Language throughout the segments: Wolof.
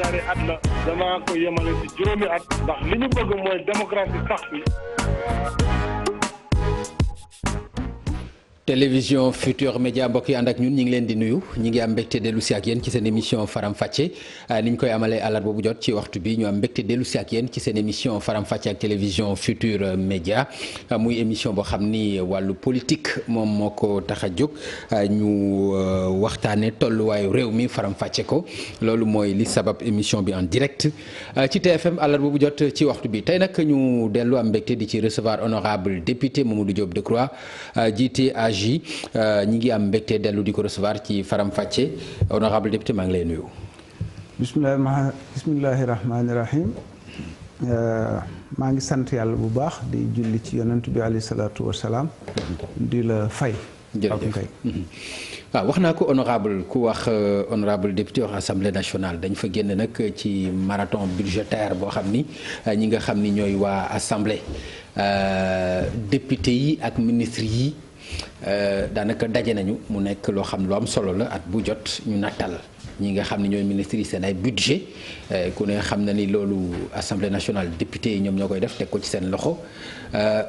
ñaari at la danaa ko yemale ci juróomi at ndax li ñu bëgg mooy démocratie sax bi télévision Futur Média mbokk yi ànd ak ñun ñu ngi leen di nuyu ñu ngi am mbégte dellu si ak yéen ci seen émission Faram Facce ah, ni ñu koy amalee àllarba bu jot ci waxtu bi ñu am mbégte ak yéen seen émission Faram Facce ak télévision Média ah, muy émission boo xam ni wàllu politique moom moo ko tax a jóg ah, ñu euh, waxtaanee tolluwaayu réew mi Faram Facce ko loolu mooy li sabab émission bi en direct ci TFM àllarba boobu jot ci waxtu bi tey nag ñu dellu am mbégte di ci recevoir honorable député Mamadou Diop Decroix jiite Agi euh, ñi ngi am mbégte dellu di ko recevoir ci Faram fàcce honorable député maa ngi lay nuyu. bisimilah bisimilahi rahmaani rahim euh, maa ngi sant yàlla bu baax di julli ci yonent bi alayhi salaatu wa di la fay. jërëjëf waaw mm-hmm. ah, wax naa ko honorable ku wax euh, honorable député wax assemblée nationale dañ fa génn nag ci marathon budgétaire boo xam ni ñi nga xam ni ñooy waa assemblée député yi ak ministre yi. Euh, daanaka daje nañu mu nekk loo xam lu am solo la at bu jot ñu nattal ñi nga xam ne ñooy ministres yi seen ay budget euh, ku ne xam na ni loolu assemblée nationale député yi ñoom ñoo koy def teg ko ci seen loxo euh,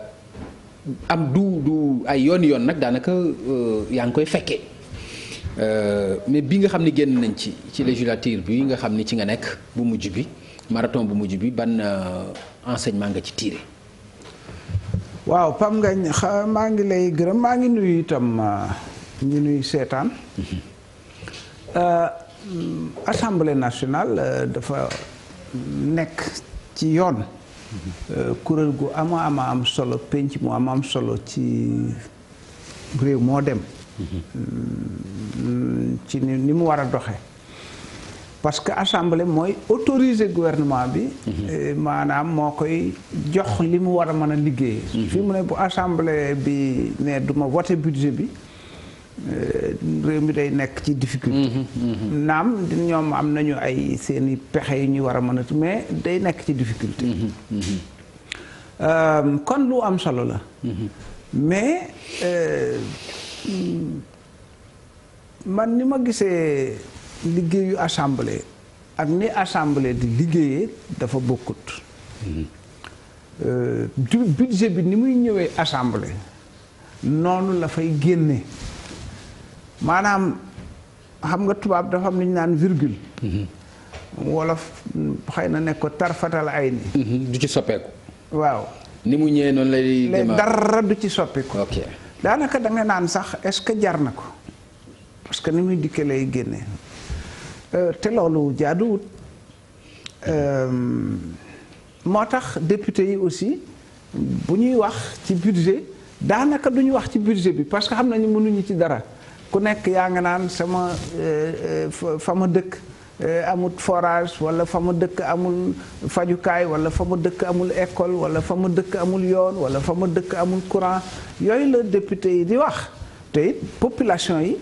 am du du ay yoon yoon nag daanaka yaa ngi koy fekkee mais bi nga xam ni génn nañ ci ci législature bi nga xam ni ci nga nekk bu mujj bi maraton bu mujj bi ban enseignement nga ci tiire waaw pam nga maa ngi lay gërëm maa ngi nuyu itam ah, ñu nuy seetaan mhm. ah, assemblée nationale euh, dafa nekk ci yoon mhm. euh, kuréel gu ama ama am solo penc mu am am solo ci réew moo dem mhm. mm, ci ni mu war a doxe parce que assemblée mooy autoriser gouvernement bi. Mhm. Euh, maanaam moo koy jox li mu war a mën a liggéey. Mhm. fi mu ne bu assemblée bi ne du ma voté budget bi euh, réew mi day nekk ci difficulté. Mhm, naam ñoom am nañu ay seeni pexe yu ñuy war a mën a mais day nekk ci difficulté. Euh, kon lu am solo la. mais man ni ma gisee. liggéeyu assemblée ak ni assemblée di liggéeyee dafa bokkut mhm. euh, du budget bi ni muy ñëwee assemblée noonu la fay génne maanaam xam nga tubaab dafa am lu ñu naan virgule mhm. wolof xëy na nekk ko tarfatal ay ni mhm. du ci soppeeku waaw ni mu ñëwee noonu lay dara du ci soppeeku ok daanaka da nga naan sax est-ce que jar na ko parce que ni muy dikkee lay génne Euh, te loolu jaaduwut euh, moo tax député yi aussi bu ñuy wax ci budget daanaka du duñu wax ci budget bi parce que xam nañu mënuñu ci dara ku nekk yaa nga naan sama euh, fa ma dëkk amul forage wala fa ma dëkk amul fajukaay wala fa ma dëkk amul école wala fa ma dëkk amul yoon wala fa ma dëkk amul courant yooyu la député yi di wax te it population yi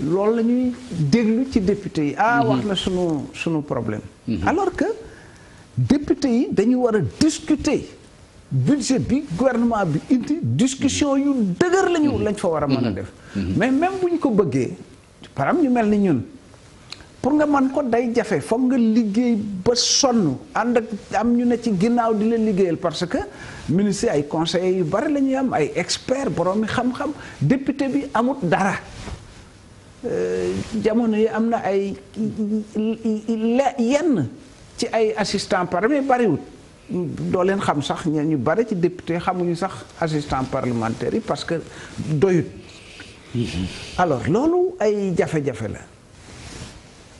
loolu la ñuy déglu ci député yi ah wax mhm. na sunu sunu problème mhm. alors que député yi dañu war a discuter budget bi gouvernement bi indi discussion mhm. yu dëgër lañu lañ fa war a mën a def mais même bu ñu ko bëggee par exemple ñu mel ni ñun pour nga mën ko day jafe foog nga liggéey ba sonn ànd am ñu ne ci ginnaaw di la liggéeyal parce que ministre ay conseillers yu bari la ñuy am ay experts boroomi xam-xam député bi amut dara Euh, jamono yi am na ay yenn ci ay assistant parlementaire bariwut doo leen xam sax ñeen ñu bari ci député xamuñu sax assistant parlementaire yi parce que doyut alors loolu ay jafe-jafe la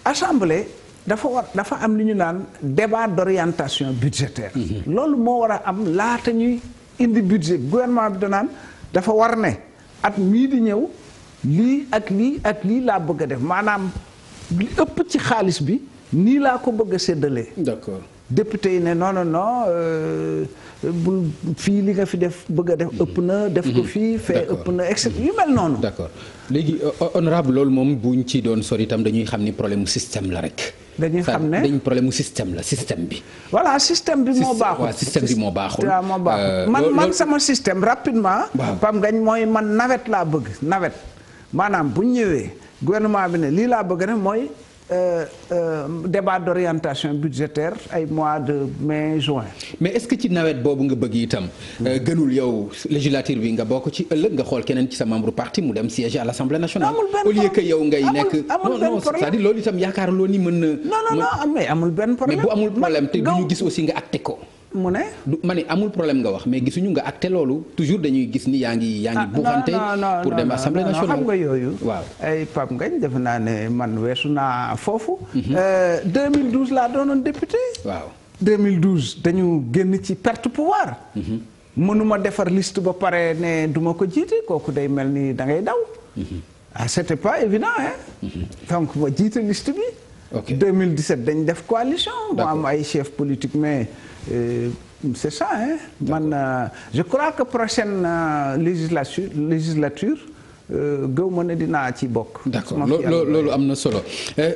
assemblée dafa war dafa am li ñu naan débat d'orientation budgétaire loolu moo war a am laata ñuy indi budget gouvernement bi danaan dafa war ne at mii di ñëw lii ak lii ak lii laa bëgg a def maanaam li ëpp ci xaalis bi nii laa ko bëgg a séddalee. d'accord député yi ne non non non euh, bul fii li nga fi def bëgg def ëpp na. def ko mhm. fii fee ëpp na et yu mel noonu. d'accord léegi euh, euh, honorable loolu moom ñu ci doon sori itam dañuy xam ni problème mu système la rek. dañuy xam ne dañ problème mu système la système bi. voilà système bi moo baaxul waaw système bi moo baaxul. man man sama système rapidement. waaw Pam gañ mooy man nawet laa bëgg nawet. maanaam bu ñu ñëwee gouvernement bi ne lii laa bëgg na mooy euh, euh, débat d'orientation budgétaire ay mois de mai juin. mais est-ce que ci nawet boobu nga bëgg itam. Euh, gënul yow législature bi nga bokk ci ëllëg nga xool keneen ci sa membre parti mu dem siéger à l'Assemblée nationale. au lieu que yow ngay nekk. non non cest loolu itam yaakaar loo ni mën na. non non non amul benn problème mais bu amul problème te du gis aussi nga acté ko. mu ne. du ma amul problème nga wax mais gisuñu nga ak te loolu toujours dañuy gis ni yaa ngi. yaa ngi ah, buuxante pour dem assemblée nationale. xam nga yooyu. waaw ay nga Ngagne defe naa ne man weesu naa foofu. 2012 mhm. euh, laa doonoon député. waaw 2012 dañu génn ci perte pouvoir. Mhm. mënuma defar liste ba pare ne duma ko jiite kooku day mel ni da ngay daw. Mhm. ah c'était pas évident hein. donc ma jiite liste bi. dañ def coalition. mu ay chef politique mais. Euh, c'est ça hein man euh, je crois que prochaine euh, législature législature gëw ma ne dinaa ci bokk. d'accord loolu am na solo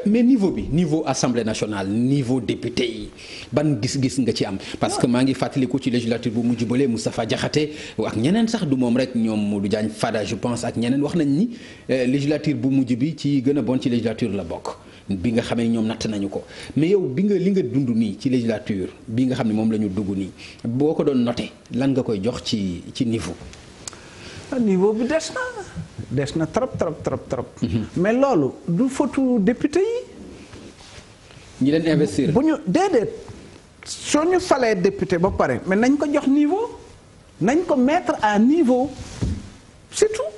mais niveau bi niveau assemblée nationale niveau député yi ban gis-gis nga ci am. parce que ah. maa ngi fàttaliku ci législature bu mujj bële Moustapha Diakhaté wax ñeneen sax du moom rek ñoom Modou Diagne Fada je pense ak ñeneen wax nañ ni législature bu mujj bi ci gën a bon ci législature la bokk. bi nga xamee ñoom natt nañu ko mais yow bi nga li nga dund nii ci législature bi nga xam ne moom lañu dugg nii boo ko doon noté lan nga koy jox ci ci niveau. Ah, niveau bi des na des na trop trop trop trop. Mhm. mais loolu du fotu député yi. ñi leen investir bu ñu déedéet soo ñu falee député ba pare mais nañ ko jox niveau nañ ko metre à niveau surtout tout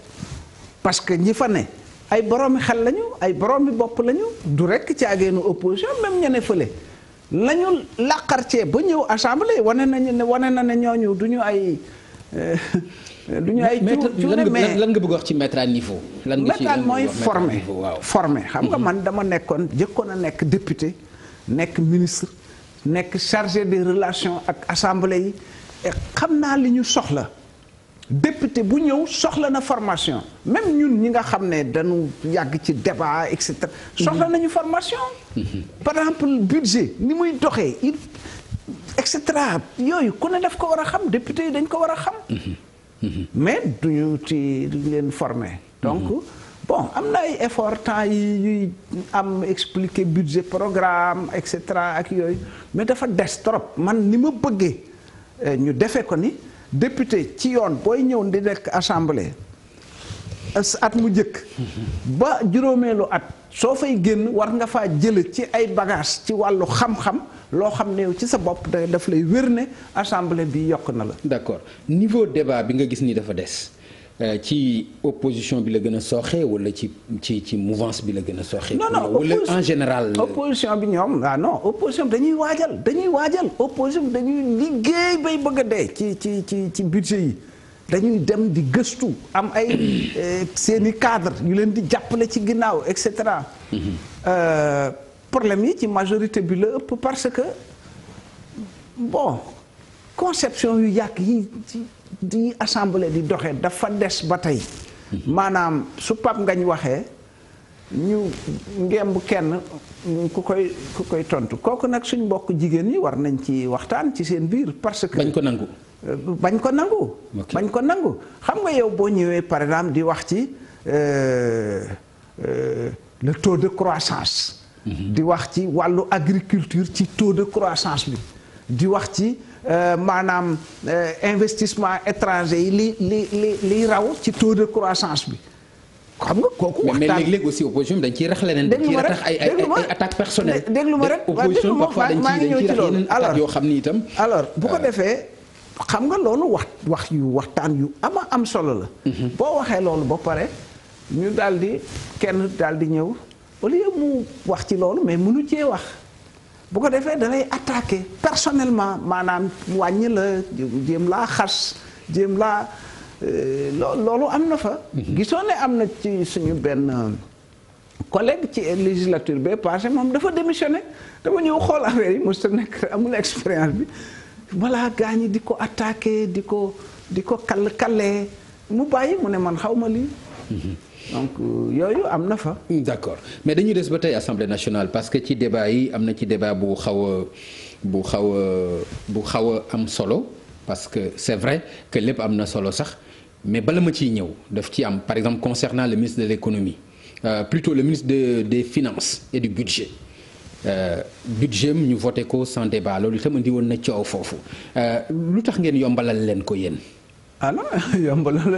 parce que ñi fa ne. ay boroomi xel lañu ay boroomi bopp lañu du rekk ci ageenu opposition même ñene fële la ñu làqar cee ba ñëw assemblée wane nañu ne wane na ne ñooñu du ñu ay. Euh, du ñu ay ne mais lan nga bëgg wax ci mettre à niveau. lan nga ci mooy formé formé xam nga mhm. man dama nekkoon jëkkoon a nekk député nekk ministre nekk chargé des relation ak assemblée yi xam naa li ñu soxla. député bu ñëw soxla na formation même ñun ñi nga xam ne dañu yàgg ci débat et cetera. soxla nañu formation. Mhm. par exemple budget ni muy doxee il et cetera yooyu ku ne daf ko war a xam député yi dañ ko war a xam. Mhm. Mhm. mais duñu ci leen former. donc bon am na ay effort temps yi ñuy am expliquer budget programme et cetera ak yooyu mais dafa des trop man ni ma bëggee eh, ñu defee ko ni. député ci yoon booy ñëw di nekk assemblée at mu jëkk ba juróomeelu at soo fay génn war nga fa jële ci ay bagage ci wàllu xam-xam loo xam ne yow ci sa bopp daf lay wér ne assemblée bi yokk na la. d'accord niveau débat bi nga gis ni dafa des. Euh, ci opposition bi la gën a sooxee wala ci ci ci mouvance bi la gën a sooxee. non non en général. Euh, opposition bi ñoom ah no opposition bi dañuy waajal dañuy waajal opposition bi dañuy liggéey bay bëgg a dee ci ci ci ci budget yi. dañuy dem di gëstu am ay euh, seeni i cadre ñu leen di jàppale ci ginnaaw et cetera mhm. problème yi ci majorité bi la ëpp parce que bon conception yu yàgg yi di assemblée di doxee dafa des ba tey maanaam su pap ngañ waxee ñu ngemb kenn ku koy ku koy tontu kooku nag suñ mbokk jigéen ñi war nañ ci waxtaan ci seen biir parce que bañ ko nangu bañ ko nangu bañ ko nangu xam nga yow boo ñëwee par exemple di wax ci euh, euh, le taux de croissance mhm. di wax ci wàllu agriculture ci taux de croissance bi di wax ci Euh, maanaam euh, investissement étranger yi li li li li raw ci taux de croissance bi xam nga kooku. waxtaan mais léeg-léeg aussi dañ ciy rax leneen. dañ ciy rax ay ay ay déglu ma rek opposition parfois dañ ciy dañ ciy rax yeneen attaques itam. alors bu ko euh, defee. xam nga loolu wax wax yu waxtaan yu ama am solo la. Mhm. boo waxee loolu ba pare ñu daal di kenn daal di ñëw au lieu mu wax ci loolu mais mënu cee wax. bu ko defee da lay attaqué personnellement maanaam wàññi la jéem laa xas jéem laa euh, loolu am na fa. Mhm. gisoo ne am na ci suñu benn collègue ci législature bee passé moom dafa démissionné dafa ñëw xool affaire yi mu mosut nekk amul expérience bi balaa gaa ñi di ko attaqué di ko di ko kall kallee mu bàyyi mu ne man xaw ma lii. Mhm. donc euh, yooyu am na fa. d'accord mais dañuy des ba tey assemblée nationale parce que ci débat yi am na ci débat bu xaw a bu xaw a bu xaw a am solo parce que c'est vrai que lépp am na solo sax mais bala ma ciy ñëw def ci am par exemple concernant le ministre de l'économie euh, plutôt le ministre de des finances et du budget. Euh, budget ñu voté ko sans débat loolu itam indi woon na coow foofu euh, lu tax ngeen yombalal leen ko yéen. alors yombalal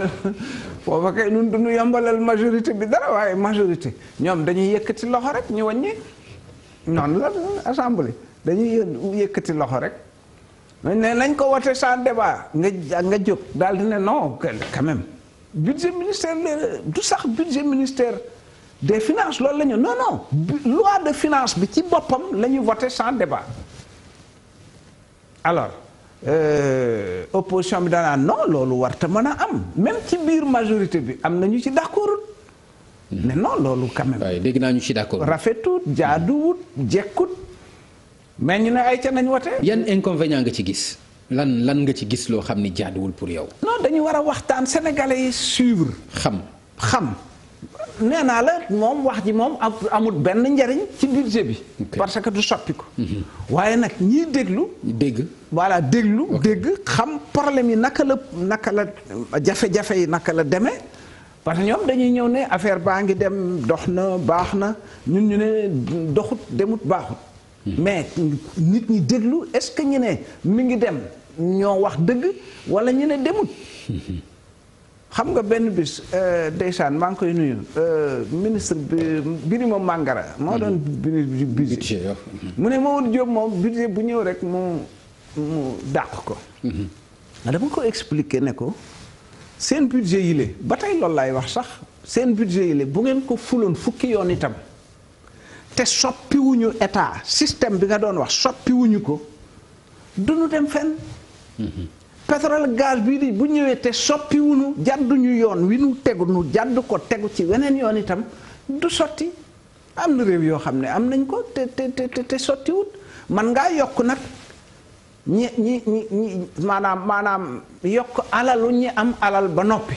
foofa kay ñun du yombalal majorité bi dara waaye majorité ñoom dañuy yëkkati loxo rek ñu wàññi noonu la assemblée dañuy yëkkati loxo rek ne nañ ko wote sans débat nga nga jóg daal di ne non quand même budget ministère du sax budget ministère des finances loolu la ñu non non loi de finance bi ci boppam la ñu voté sans débat alors Euh, opposition bi danaa non loolu warta mën a am même ci biir majorité bi am na ñu ci d'accord ne non loolu quand même. dégg naa ñu ci d'accord rafetut jaaduwut jekkut mais ñu ne ay ca nañ wote. yan inconvénient nga ci gis lan lan nga ci gis loo xam ni jaaduwul pour yow. non dañu war a waxtaan sénégalais yi suivre. xam xam. nee naa la moom wax ji moom amul benn njariñ ci budget bi. parce que du soppi ko. Mhm. waaye nag ñiy déglu. dégg voilà déglu. dégg xam problème yi naka la naka la jafe-jafe yi naka la demee. parce que ñoom dañuy ñëw ne affaire baa ngi dem dox na baax na ñun ñu ne doxut demut baaxut. Mhm. mais nit ñi déglu est-ce que ñu ne mi ngi dem ñoo wax dëgg walla ñu ne demut. xam nga benn bis euh, ndeysaan maa ngi koy nuyu euh, ministre bi Birima Mangara moo doon mm-hmm. bi ministre budget mm-hmm. mu ne Mamadou Diop moom budget bu ñëw rek mu mu dàq ko mm-hmm. dama ko expliquer ne ko seen budget yi le ba tey loolu laay wax sax seen budget yi le bu ngeen ko fuloon fukki yoon itam te soppiwuñu état système bi nga doon wax soppiwuñu ko duñu dem fenn pétrole gaz bii di bu ñëwee te soppiwunu jàdduñu yoon wi nu tegu nu jàdd ko tegu ci weneen yoon itam du sotti am na réew yoo xam ne am nañ ko te te te sottiwut man ngaa yokk nag ñi ñi ñi ñi maanaam maanaam yokk alalu ñi am alal ba noppi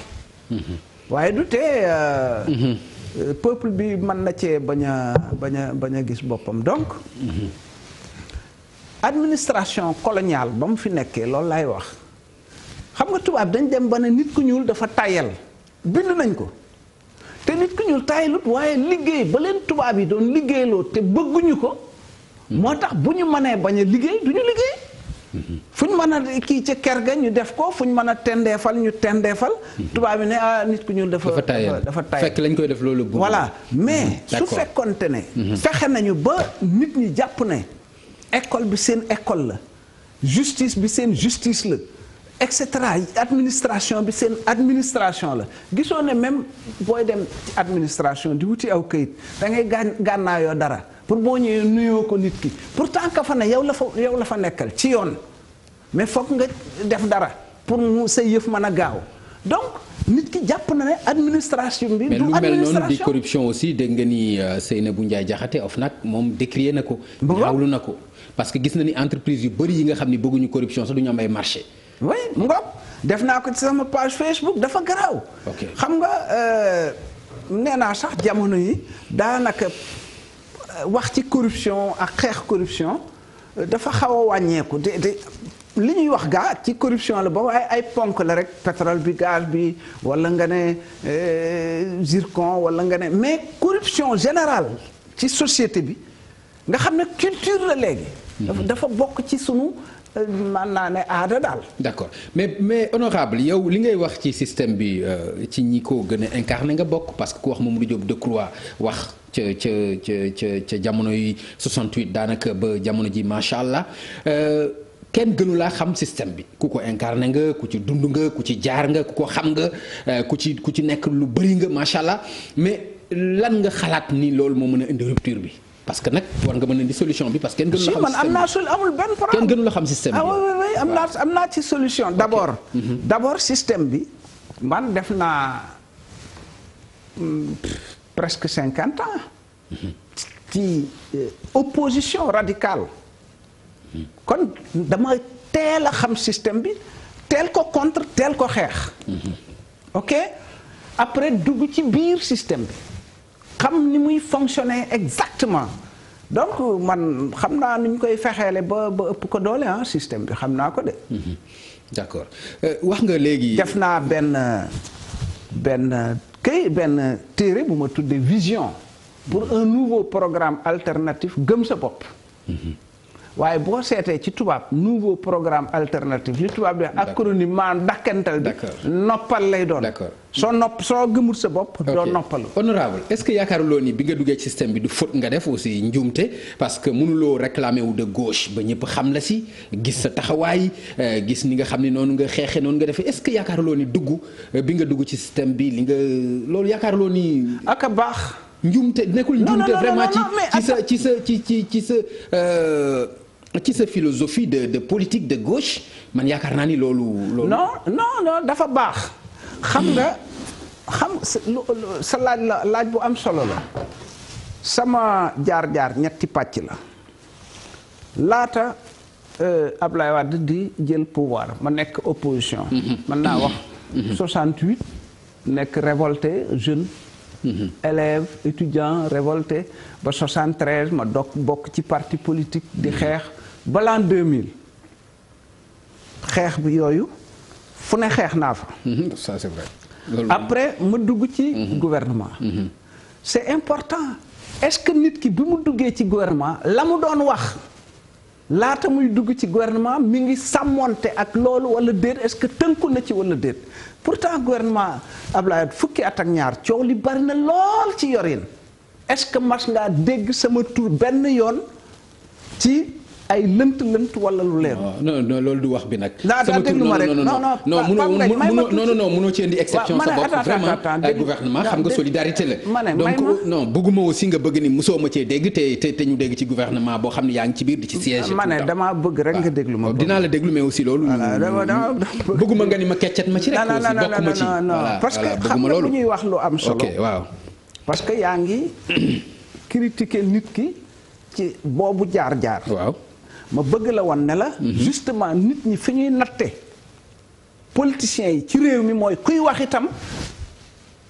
mm-hmm. waaye du tee euh, mm-hmm. euh, peuple bi mën na cee bañ a bañ a bañ a gis boppam donc mm-hmm. administration colonial ba mu fi nekkee loolu lay wax xam nga tubaab dañ dem ba ne nit ku ñuul dafa tayal bind nañ ko te nit ku ñuul tayalut waaye liggéey ba leen tubaab yi doon liggéeyloo te bëgguñu ko moo tax bu ñu mënee bañ a liggéey du ñu liggéey fu ñu mën a kii ci ker ga ñu def ko fu ñu mën a tendeefal ñu tendeefal tubaab yi ne ah nit ku ñuul dafa dafa tayal fekk lañ koy def loolu bu voilà mais mm-hmm. su fekkonte ne mm-hmm. fexe nañu ba nit ñi jàpp ne ecole bi seen école la justice bi seen justice la et cetera administration bi seen administration la gisoo ne même booy dem ci administration di wuti aw kayit da ngay gàn gànnaayoo dara pour boo ñëwee nuyoo ko nit ki pour tànk fa ne yow la fa yow la fa nekkal ci yoon mais foog nga def dara pour mu sa yëf man a gaaw donc nit ki jàpp na ne administration bi. du administration mais lu mel noonu di corruption aussi dégg nga ni euh, Seynabou Ndiaye Diakhaté of nag moom décrier na ko. ñaawlu na ko parce que gis na ni entreprise yu bëri yi nga xam ni bëgguñu corruption sax du ñu ay marché. oui mu def naa ko ci sama page Facebook dafa garaw xam nga euh, nee naa sax jamono yi daanaka euh, wax ci corruption ak xeex corruption euh, dafa xaw a wàññeeku te te li ñuy wax gaa ci corruption la ba waaye ay ponk la rek pétrole bi gaz bi walla nga ne zircon walla nga ne mais corruption général ci société bi nga xam ne culture la léegi mhm. dafa bokk ci sunu man naa ne aada daal. d'accord mais mais honorable yow li ngay wax ci système bi euh, ci ñi ko gën a incarné nga bokk parce que ku wax Mamadou Diop Decroix wax. ca ca ca ca ca jamono yi 68 daanaka ba jamono ji macha allah euh, kenn gënu laa xam système bi ku ko incarné nga ku ci dund nga ku ci jaar nga ku ko xam nga euh, ku ci ku ci nekk lu bëri nga macha allah mais lan nga xalaat ni loolu moo mën a indi bi. parce que nag war nga mën a indi solution bi parce que. kenn gënu la xam système bi ah, man am naa su la xam solution. d' abord mhm. d' abord bi man def naa hmm, presque cinquante ans. Mhm. ci euh, opposition radicale. Mhm. kon dama teel a xam système bi teel ko contre teel ko xeex. ok après dugg ci biir système bi. xam ni muy fonctionner exactement donc man xam naa nu ñu koy fexeele ba ba ëpp ko doole ah système bi xam naa ko de. Mhm. d'accord euh, wax nga léegi. def naa benn benn këy benn téere bu ma tuddee vision. pour un nouveau programme alternatif gëm sa bopp. Mhm. waaye boo seetee ci tubaab nouveau programme alternatif li tubaab di acronyme maanaam dakkantal bi noppal lay doon. d'accord soo nopp soo gëmul sa bopp. doo noppalu. honorable est-ce que yaakaaruloo ni bi nga duggee système bi du faute nga def aussi njuumte parce que loo réclamer wu de gauche ba ñëpp xam la si gis sa taxawaay euh, gis ni nga xam ne noonu nga xeexee noonu nga defee est-ce que yaakaaruloo ni dugg euh, bi nga dugg ci système bi li nga loolu yaakaaruloo ni. ak a baax. njuumte nekkul njuumte vraiment ci ci sa ci sa ci ci ci sa. Euh, ci sa philosophie de de politique de gauche man yaakaar ni loolu. xam sa laaj la laaj bu am solo la sama jaar-jaar ñetti pàcc la laata euh, Ablaye Wade di jël pouvoir ma nekk opposition mën naa wax 68 nekk révolté jeune élève étudiant révolté ba 73 ma dok bokk ci parti politique di xeex ba l'an 2000 xeex bi yooyu fu ne xeex naa fa mhm, après ma dugg ci mhm. gouvernement mhm. c'est important est-ce que nit ki bi mu duggee ci gouvernement la mu doon wax laata muy dugg ci gouvernement mi ngi sàmmoonte ak loolu wala déet est-ce que tënku na ci wala déet pourtant gouvernement Abdoulaye fukki at ak ñaar coow li bari na lool ci yorin est-ce que mas ngaa dégg sama tur benn yoon ci ay lënt lënt wala lu leer. non loolu du wax bi nag. sama tur non non non non non non mënoo ci indi exception sa bopp vraiment ay gouvernement nga solidarité la. donc non ma cee dégg te te ñu ci gouvernement boo xam ne yaa ngi ci biir di ci siège. damaa bëgg rek nga déglu ma. dinaa la déglu mais aussi loolu. Mm, bëgguma nga ni ma keccet ma ci rek. aussi bokk ma ci parce que xam nga bu ñuy wax lu am solo. waaw. parce que yaa ngi critiquer nit ki ci boobu jaar jaar. waaw ma bëgg la wan ne la. Mhm. justement nit ñi fi ñuy natte politiciens yi ci réew mi mooy kuy wax itam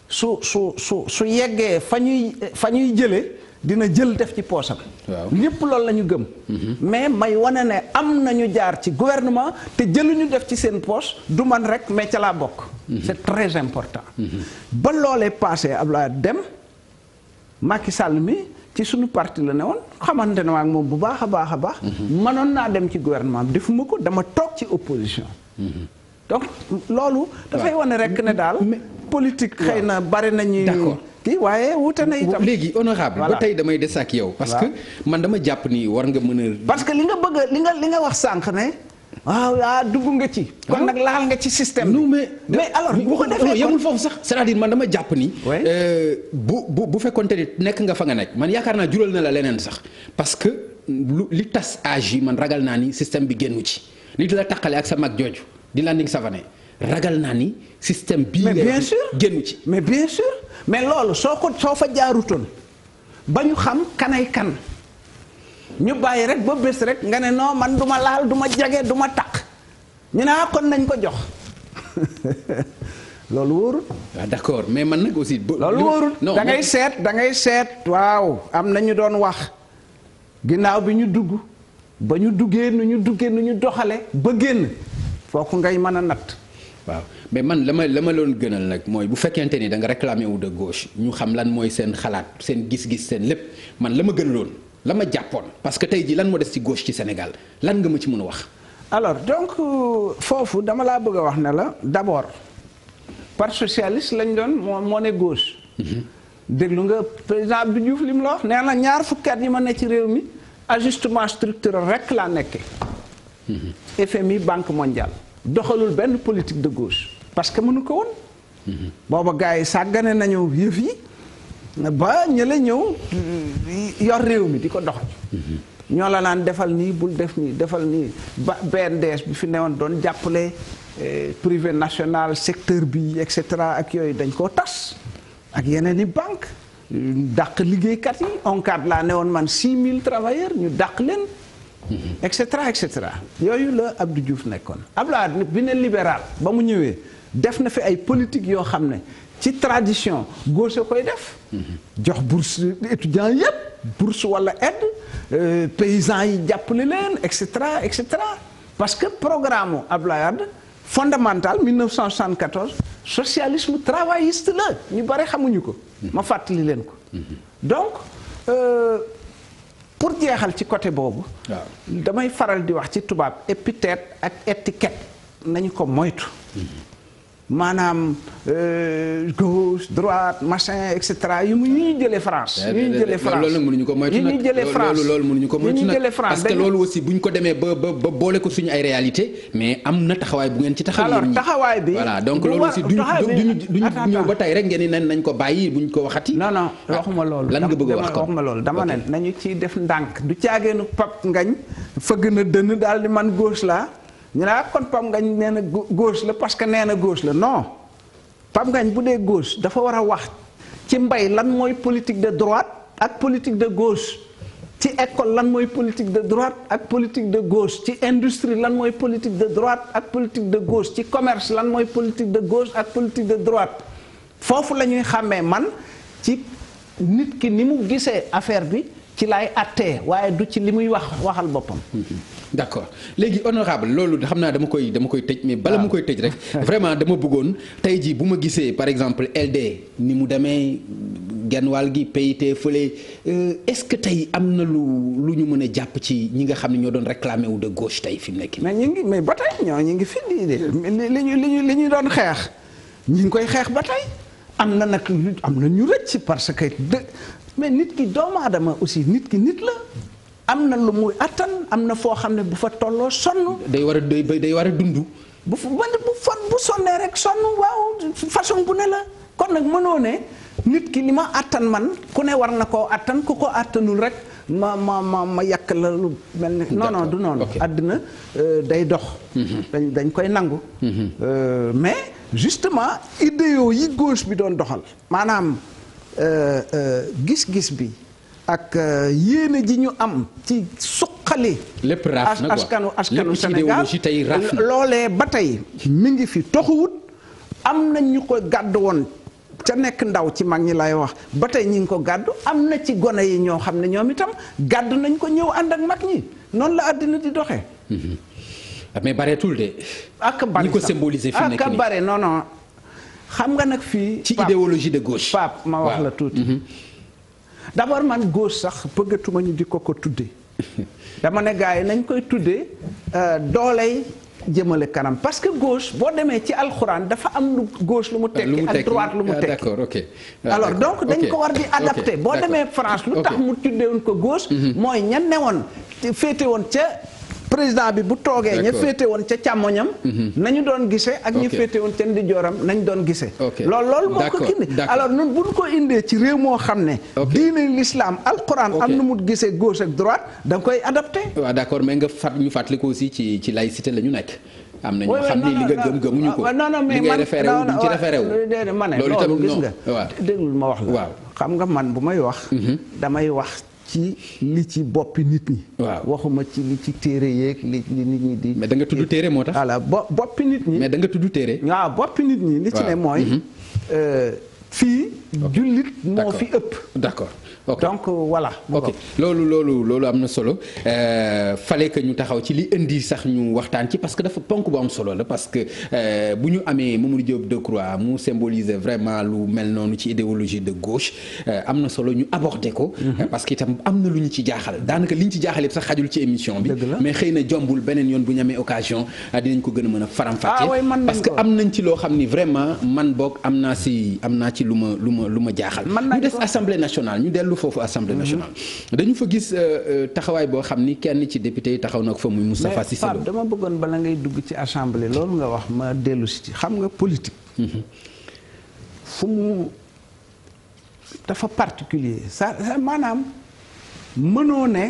su su su su yeggee fa ñuy fa ñuy jële dina jël def ci poosam. waaw ñëpp loolu la gëm. Mhm. mais may wane ne am na ñu jaar ci gouvernement te jëluñu def ci seen poche du man rek mais ca laa bokk. Mhm. c'est très important. ba loolee passé Abdoulaye Deme Macky sàll mi. ci suñu parti la ne woon xamante na ak moom bu baax a baax a baax. mënoon mhm. naa dem ci gouvernement bi defuma ko dama toog ci opposition. Mhm. donc loolu. dafay wane rek ne daal. politique xëy na bari nañu. d'accord kii waaye wute na itam. léegi honorable ba tey damay des ak yow. parce que man dama jàpp nii war nga mën a. parce que li nga bëgg li nga li nga wax sànq ne. waaw ah, ah dugg nga ci. kon ah. nag laal nga ci système non mais mais bu ko defee yemul foofu sax c'est-à-dire man dama jàpp ni. Euh, bu bu bu fekkonte ni nekk nga fa nga nekk man yaakaar naa jural na la leneen sax parce que lu li tas âge yi man ragal naa ni système bi génnu ci li la taqale ak sa mag jooju di Landing Savané ragal naa ni système bii. mais bien sûr génnu ci. mais bien sûr mais loolu soo ko soo fa jaarutoon ba ñu xam kanay kan. ñu bàyyi rek ba bés rek nga ne noo man du ma laal duma ma jege du ma taq ñu ne ah, kon nañ ko jox loolu wóorul. waaw ah, d'accord mais man nag aussi. loolu wóorul da ngay seet da ngay seet. waaw am na ñu doon wax ginnaaw bi ñu dugg ba ñu duggee nu ñu duggee nu ñu doxale ba génn foofu ngay mën a natt. waaw mais man la ma la ma loon gënal nag mooy bu fekkente ni danga nga réclamé wu de gauche ñu xam lan mooy seen xalaat seen gis-gis seen lépp man la ma gën loon. la ma jàppoon parce que tey jii lan moo def ci gauche ci Sénégal lan nga ma ci mën a wax. alors donc euh, foofu dama laa bëgg a wax ne la d'abord parti socialiste lañ doon moo moo ne gauche. Mhm. déglu nga président Abdou Diouf li mu la wax nee na ñaar fukki at yi ma ne ci réew mi ajustement structurel rek laa nekkee. Mhm. FMI banque mondiale. doxalul benn politique de gauche. parce que mënu ko woon. Mhm. booba gars yi sàggane nañu yëf yi. ba ñële ñëw yor réew mi di ko dox mm-hmm. ñoo la naan defal nii bul def nii defal nii ba BNDES bi fi newoon doon jàppale eh, privé national secteur bi et cetera ak yooyu dañ koo tas ak yeneen i banque dàq liggéeykat yi ONCAD laa newoon man 6000 travailleurs ñu dàq leen mm-hmm. et cetera et cetera yooyu la Abdou Diouf nekkoon Abdoulaye bi ne libéral ba mu ñëwee def na fi ay politique yoo xam ne ci tradition gauche koy def. jox bourse étudiants yëpp. bourse wala aide euh, paysans yi jàppale leen et cetera cetera parce que programme Abdoulaye Wade fondamental 1974 socialisme travailliste la ñu bare xamuñu ko. ma fàttali leen ko. donc euh, pour jeexal ci côté boobu. damay faral di wax ci tubaab épithète ak étiquette nañu ko moytu. maanaam euh, gauche droite machin et cetera yu ñuy jëlee France. yu ñuy jëlee France ko moytu nag loolu mënuñu ko moytu nag parce que loolu aussi bu ñu ko demee ba ba boole ko suñu ay réalité mais am na taxawaay bu ngeen ci taxaw. alors taxawaay bi voilà donc loolu aussi duñu duñu duñu ñëw ba tey rek ngeen ni nañ ko bàyyi buñ ko waxati. non non ah, waxuma loolu. lan nga bëgg a wax ko waxuma loolu dama ne nañu ciy def ndànk du caageenu pap ngañ fëgg na dënn daal di man gauche laa ñu ne ah, kon Pam Ngañ nee na gauche la parce que nee na gauche la non Pam Ngañ bu dee gauche dafa war a wax ci mbay lan mooy politique de droit ak politique de gauche ci école lan mooy politique de droite ak politique de gauche ci industrie lan mooy politique de droit ak politique de gauche ci commerce lan mooy politique de gauche ak politique de droite foofu la ñuy xàmmee man ci nit ki ni mu gisee affaire bi ci lay attee waaye du ci li muy wax waxal boppam hmm. d' accord léegi honorable loolu xam naa dama koy dama koy tëj mais bala mu koy tëj rek vraiment dama bëggoon tey jii bu ma gisee par exemple LD ni mu demee genn wàll gi PIT fële euh, est ce que tey am na lu lu ñu mën a jàpp ci ñi nga xam ne ñoo doon réclamé wu de gauche tey fi mu nekk. mais ñu mais ba tey ñoo ñu ngi fi di de li ñu li ñu li ñu doon xeex ñu ngi koy xeex ba tey am na nag am na ñu rëcc parce que de mais nit ki doomu aadama aussi nit ki nit la. am na lu mu àttan am na foo xam ne bu fa tolloo sonn. day war a day war a dund. bu bu bu sonnee rek sonn waaw façon bu ne la kon nag mënoo nit ki li ma attan man ku ne war na koo attan ku ko àttanul rek ma ma ma ma la lu mel ni. non non du noonu. àddina euh, day dox. Mhm. dañ dañ koy nangu. Mhm. Euh, mais justement idéo yi gauche bi doon doxal. maanaam euh, gis-gis bi. ak euh, yéene ji ñu am ci suqali. lépp raaf na askanu askanu Sénégal loolee ba tey mi ngi fi toxuwut am na ñu ko gàdd woon ca nekk ndaw ci mag ñi lay wax ba tey ñi ngi ko gàdd am na ci gone yi ñoo xam ne ñoom itam gàdd nañ ko ñëw ànd ak mag ñi noonu la àddina di doxee. Mm-hmm. mais bareetul de. bari ñi ko symboliser fi nekk nii ak xam nga nag fii. ci idéologie de gauche. Pape ma wax la tuuti. Mm-hmm. d'abord man gauche sax bëggatuma ñu di ko ko tuddee dama ne gars yi nañ koy tuddee euh, dooley jëmale kanam parce que gauche boo demee ci alxuraan dafa am lu gauche lu mu tekki ah, ak droite lu mu ah, tekki d'accord ok ah, alors donc dañ ko war di adapté boo demee France lu tax mu tuddee woon ko gauche mhm. mooy ñan ne woon féete ca président bi bu toogee ña féete woon ca càmmoñam mhm. nañu doon gise ak ña féete woon ca ndijooram nañ doon gise lool lool moo ko kindi alors ñun ko indee ci réew moo xam ne diine l'islam alquran am nu mu gisee gauche ak droite da nga koy adapté waa d'accord mais nga fat ñu fàttali ko aussi ci ci laïcité la ñu nekk am na ñoo xam ne li nga gëm gëmuñu ko non non mais man référé wu duñ ci référé wu ma ne loolu gis nga déglul ma wax la xam nga man bu may wax mhm. damay wax ci li ci boppi nit ñi. waaw waxuma ci li ci téere yeeg li li nit ñi di. mais da nga tudd téere moo tax. voilà bo boppi nit ñi. mais da nga tudd téere. waaw boppi nit ñi. li ci ne mooy. Mhm. Euh, fii. jullit moo fi ëpp. d'accord donc euh, voilà. ok loolu loolu loolu am na solo euh, fallait que ñu taxaw ci li indi sax ñu waxtaan ci parce que dafa ponk bu am solo la parce que euh, bu ñu amee Mamadou Diop Decroix mu symboliser vraiment lu mel noonu ci idéologie de gauche am na solo ñu aborder ko. Mhm. parce que itam am na lu ñu ci jaaxal daanaka li ñu ci jaaxal yëpp sax xajul ci émission bi. mais xëy na jombul beneen yoon bu ñu amee occasion dinañ ko gën a mën a faram-fàcce. Ah parce que am nañ ci loo xam ni vraiment man boog am naa si am naa ci lu ma lu ma lu ma jaaxal. ñu foofu assemblée nationale. dañu fa gis euh, euh, taxawaay boo xam ni kenn ci député yi taxaw na ko fa muy Moustapha Cissé Lo. mais dama bëggoon bala ngay dugg ci assemblée loolu nga wax ma dellu si xam nga politique. Mhm. fu mu dafa particulier ça maanaam mënoo ne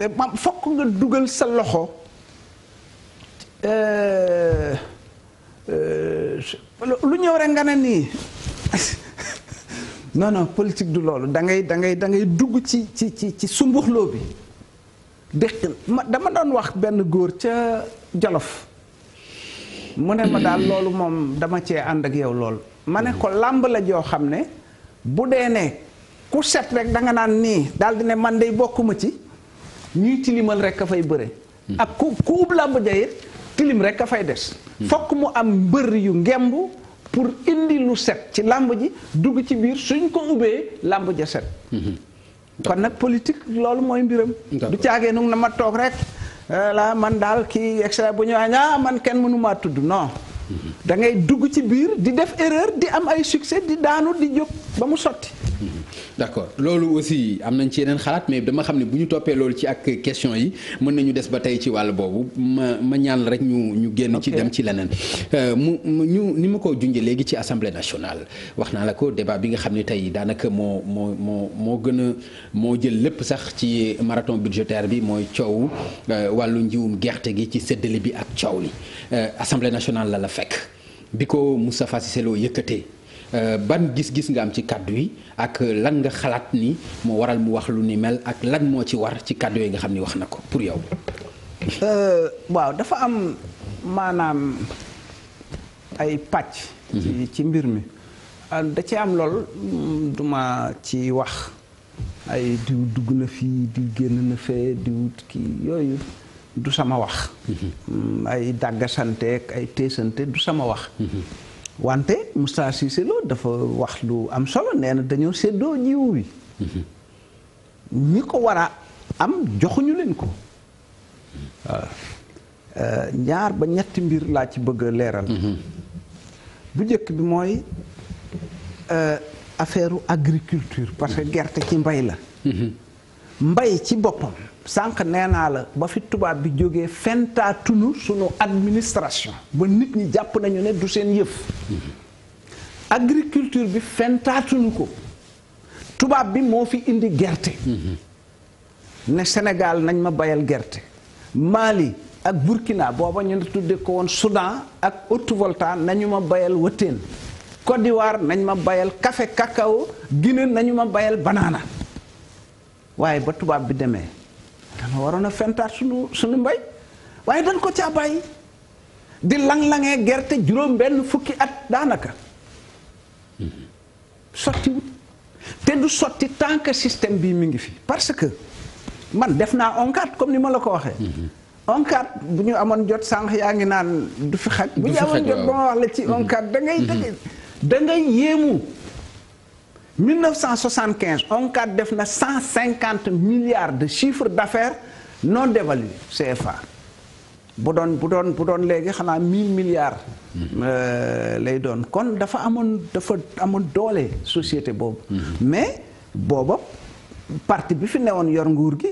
eh, fokk nga dugal sa loxo euh, lu ñëw rek nga ne nii. non non du loolu da ngay da da ngay dugg ci ci ci ci sumbuxloo bi dëkk dama doon wax benn góor ca Jolof mu ne ma daal loolu moom dama cee ànd ak yow lool ma ne ko làmb la joo xam ne bu dee ne ku set rek da nga naan nii daal di ne man day bokkuma ci ñuy tilimal rek a fay bëre ak ku ku ub làmb jayit tilim rek a fay des hmm. fokk mu am mbër yu ngemb pour indi lu set ci làmb ji dugg ci biir suñ ko ubbee làmb ja set mhm. kon nag politique loolu mooy mbiram du caagee nungi na ma toog rek eh la man daal ki extra bu ñu wax ah man kenn mënumaa tudd non mhm. da ngay dugg ci biir di def erreur di am ay succès di daanu di jóg ba mu sotti mhm. d'accord loolu aussi am nañ ci yeneen xalaat mais dama xam ne bu ñu toppee loolu ci ak question yi mën nañu des ba tey ci wàll boobu ma ma ñaan rek ñu ñu génn ci dem ci leneen euh, mu ñu ni ma ko junjee léegi ci assemblée nationale wax naa la ko débat bi nga xam ne tey daanaka moo moo moo moo gën a moo jël lépp sax ci maraton budgétaire bi mooy coow euh, wàllu njiwum gerte gi ci séddale bi ak coow li euh, assemblée nationale la la fekk bi ko Moustapha Cissé Lo yëkkatee Euh, ban gis-gis nga am ci kàddu yi ak lan nga xalaat ni moo waral mu wax lu ni mel ak lan moo ci war ci kàddu yi nga xam ni wax na ko pour yow. Euh, waaw dafa am maanaam ay pàcc. ci mhm. mbir mi. Euh, da ci am lool duma ci wax ay diw dugg na fii diw génn na fee diw kii yooyu du sama wax mhm. mm, ay dàggasanteek ay téesante du sama wax mhm. wante Moustapha Cissé dafa wax lu am solo nee na dañoo séddoo jiwu wi ñi ko war a am joxuñu leen ko waaw euh, ñaar ba ñetti mbir laa ci bëgg a leeral bu njëkk bi mooy euh, affaire agriculture parce que gerte ci mbay la mm-hmm. mbay ci boppam sànq nee naa la ba fi tubaab bi jógee fentaatunu sunu administration ba nit ñi jàpp nañu ne du seen yëf agriculture bi fentaatunu ko tubaab bi moo fi indi gerte ne Sénégal nañ ma bayal gerte Mali ak Burkina booba ñu tuddee tudde ko woon Soudan ak Haute-Volta nañu ma bayal wëttéen Côte d'Ivoire nañ ma bayal café cacao Guinée nañu ma bayal banaana waaye ba tubaab bi demee dana waroon a fentaat suñu suñu mbay waaye dañ ko caa bàyyi di lang-langee gerte juróom benn fukki at daanaka sottiwut te du sotti tànk que système bii mi ngi fi parce que man def naa ONCAD comme ni ma la ko waxee ONCAD bu ñu amoon jot sànq yaa ngi naan du fi xaj bu ñu amoon jot ba ma wax la ci ONCAD mm-hmm. da ngay yéemu cent 1975 ONCAD def na cent 150 milliards de chiffre d'affaires non dévalué CFA bu doon bu doon bu doon léegi xanaa 1000 milliards. Hmm. Euh, lay doon kon dafa amoon dafa amoon doole société boobu. Hmm. mais booba parti bi fi newoon yor nguur gi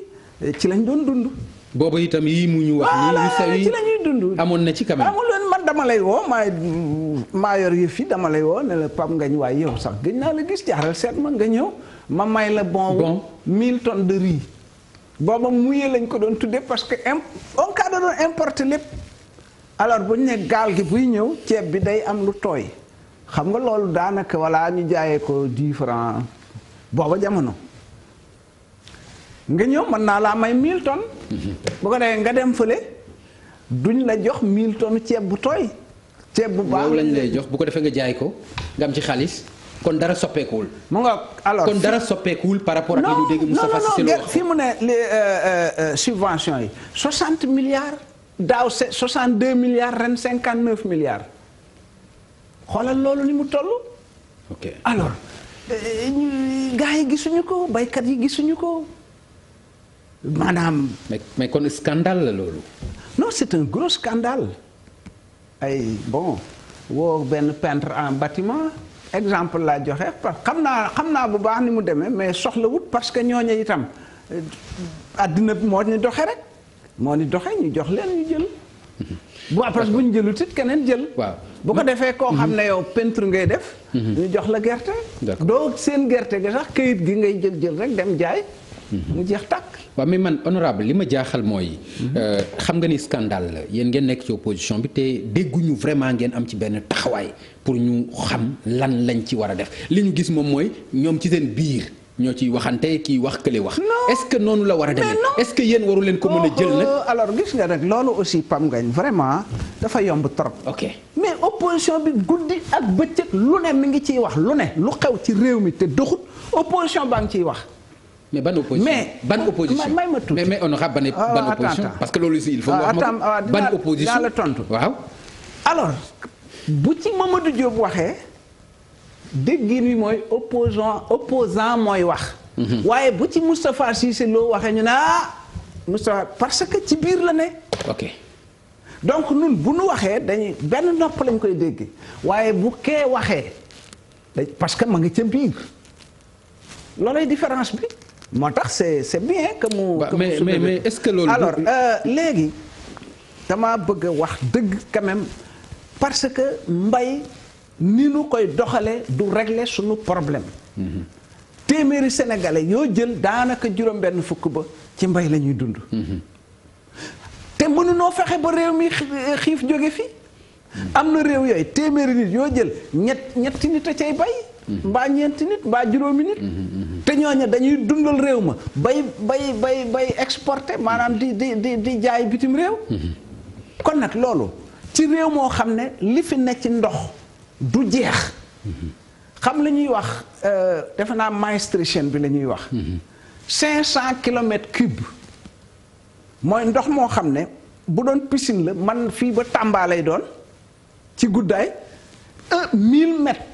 ci lañ doon dund. boobu itam yii mu ñu wax nii yu sew yi amoon na ci kanam amul woon man dama lay woo maa maa yor yëf yi dama lay woo ne la Pape Ngagne waaye yow sax gëj naa la gis jaaral seet ma nga ñëw ma may la bon bon mille tonnes de riz booba muyee lañ ko doon tuddee parce que imp doon importer lépp alors bu ñu ne gaal gi buy ñëw ceeb bi day am lu tooy xam nga loolu daanaka wala ñu jaayee ko dix francs booba jamono nga ñëw mën naa laa may 1000 ton bu ko defee nga dem fële duñ la jox 1000 ton ceeb bu tooy. ceeb bu baax lañ lay jox bu ko defee nga jaay ko nga ci xaalis. kon dara soppeekuwul. mu nga alors kon dara soppeekuwul par rapport a li ñu dégg Moustapha Cissé Lo wax fi mu ne euh, euh, euh, subvention yi 60 milliards daaw 62 milliards ren 59 milliards xoolal loolu li mu toll. ok alors gars yi gisuñu ko baykat yi gisuñu ko. maanaam. mais mais kon scandale la loolu. non c'est un gros scandale. ay bon woo benn peintre en bâtiment exemple laa joxe parce xam naa xam naa bu baax ni mu demee mais soxlawut parce que ñooñu itam euh, àddina moo ni doxe rek moo ni doxe ñu jox leen ñu jël. bu après bu ñu jëlut it keneen jël. waaw bu ko defee koo xam na mhm. yow peinture ngay def. Mhm. ñu jox la gerte. doo seen gerte gi sax kayit gi ngay jël jël rek dem jaay. Mhm. mu jeex takk waaw mais man honorable li ma jaaxal mooy. Mhm. Euh, xam nga ni scandale la yéen ngeen nekk ci opposition bi te dégguñu vraiment ngeen am ci benn taxawaay pour ñu xam lan lañ ci war a def li ñu gis moom mooy ñoom ci seen biir. ñoo ciy waxante kii wax kële wax. est-ce que noonu la war a demee est-ce que yéen waru leen ko mën a jël nag. Euh, alors gis nga rek loolu aussi Pam Ngagne vraiment dafa yomb trop. ok mais opposition bi guddi ak bëccëg lu ne mi ngi ciy wax lu ne lu xew ci réew mi te doxut opposition baa ngi ciy wax. mais ban opposition mais ban opposition may ma tuuti mais mais on aura ban ah, ban opposition parce que loolu aussi il faut nga ah, wax ma ah, ban opposition dinaa la tontu waaw alors bu ci Mamadou Diop waxee déggin wi mooy opposant opposant mooy wax mhm. waaye bu ci Moustapha Cissé Lo waxee ñu ne ah Moustapha parce que ci biir la ne ok donc nun bu nu waxee dañuy benn nopp lañ koy dégg waaye bu kee waxee parce que ma ngi ca biir loolay différence bi moo tax c'est c'est bien que mu. Bah, que mais, mais mais est-ce que loolu. alors euh, léegi dama bëgg a wax dëgg quand parce que mbay ni nu koy doxalee du régler suñu problème. Mhm. téeméeri sénégalais yoo jël daanaka juróom-benn fukk ba ci mbay la ñuy dund. Mhm. te mënunoo fexe ba réew mi xiif jóge fi. Mhm. am na réew yooyu téeméeri nit yoo jël ñett ñetti nit a cay bay. mbaa ñeenti nit mbaa juróomi nit. te ñooñu dañuy dundal réew ma bay bay bay bay exporté maanaam di di di jaay bitim réew. kon nag loolu ci réew moo xam ne li fi ne ci ndox du jeex. xam la ñuy wax euh, defe naa Maastricht bi lañuy wax wax. 500 kilomètres cubes mooy ndox moo xam ne bu doon piscine la man fii ba Tamba lay doon ci guddaay 1000 mètres.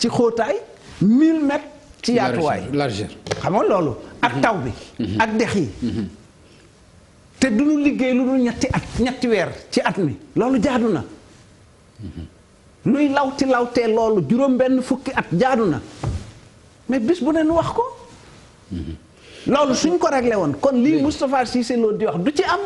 ci xóotaay 1000 mètres ci yaatuwaay largeur xam nga loolu ak mhm. taw bi mhm. ak dex yi mhm. te du ñu liggéey lu dul ñetti at ñetti weer ci at mi loolu jaadu na luy lawti lawtee loolu juróom benn fukki at jaadu na mais bis bu ne nu wax ko loolu suñ ko réglé woon kon lii Moustapha Cissé Lo di wax du ci am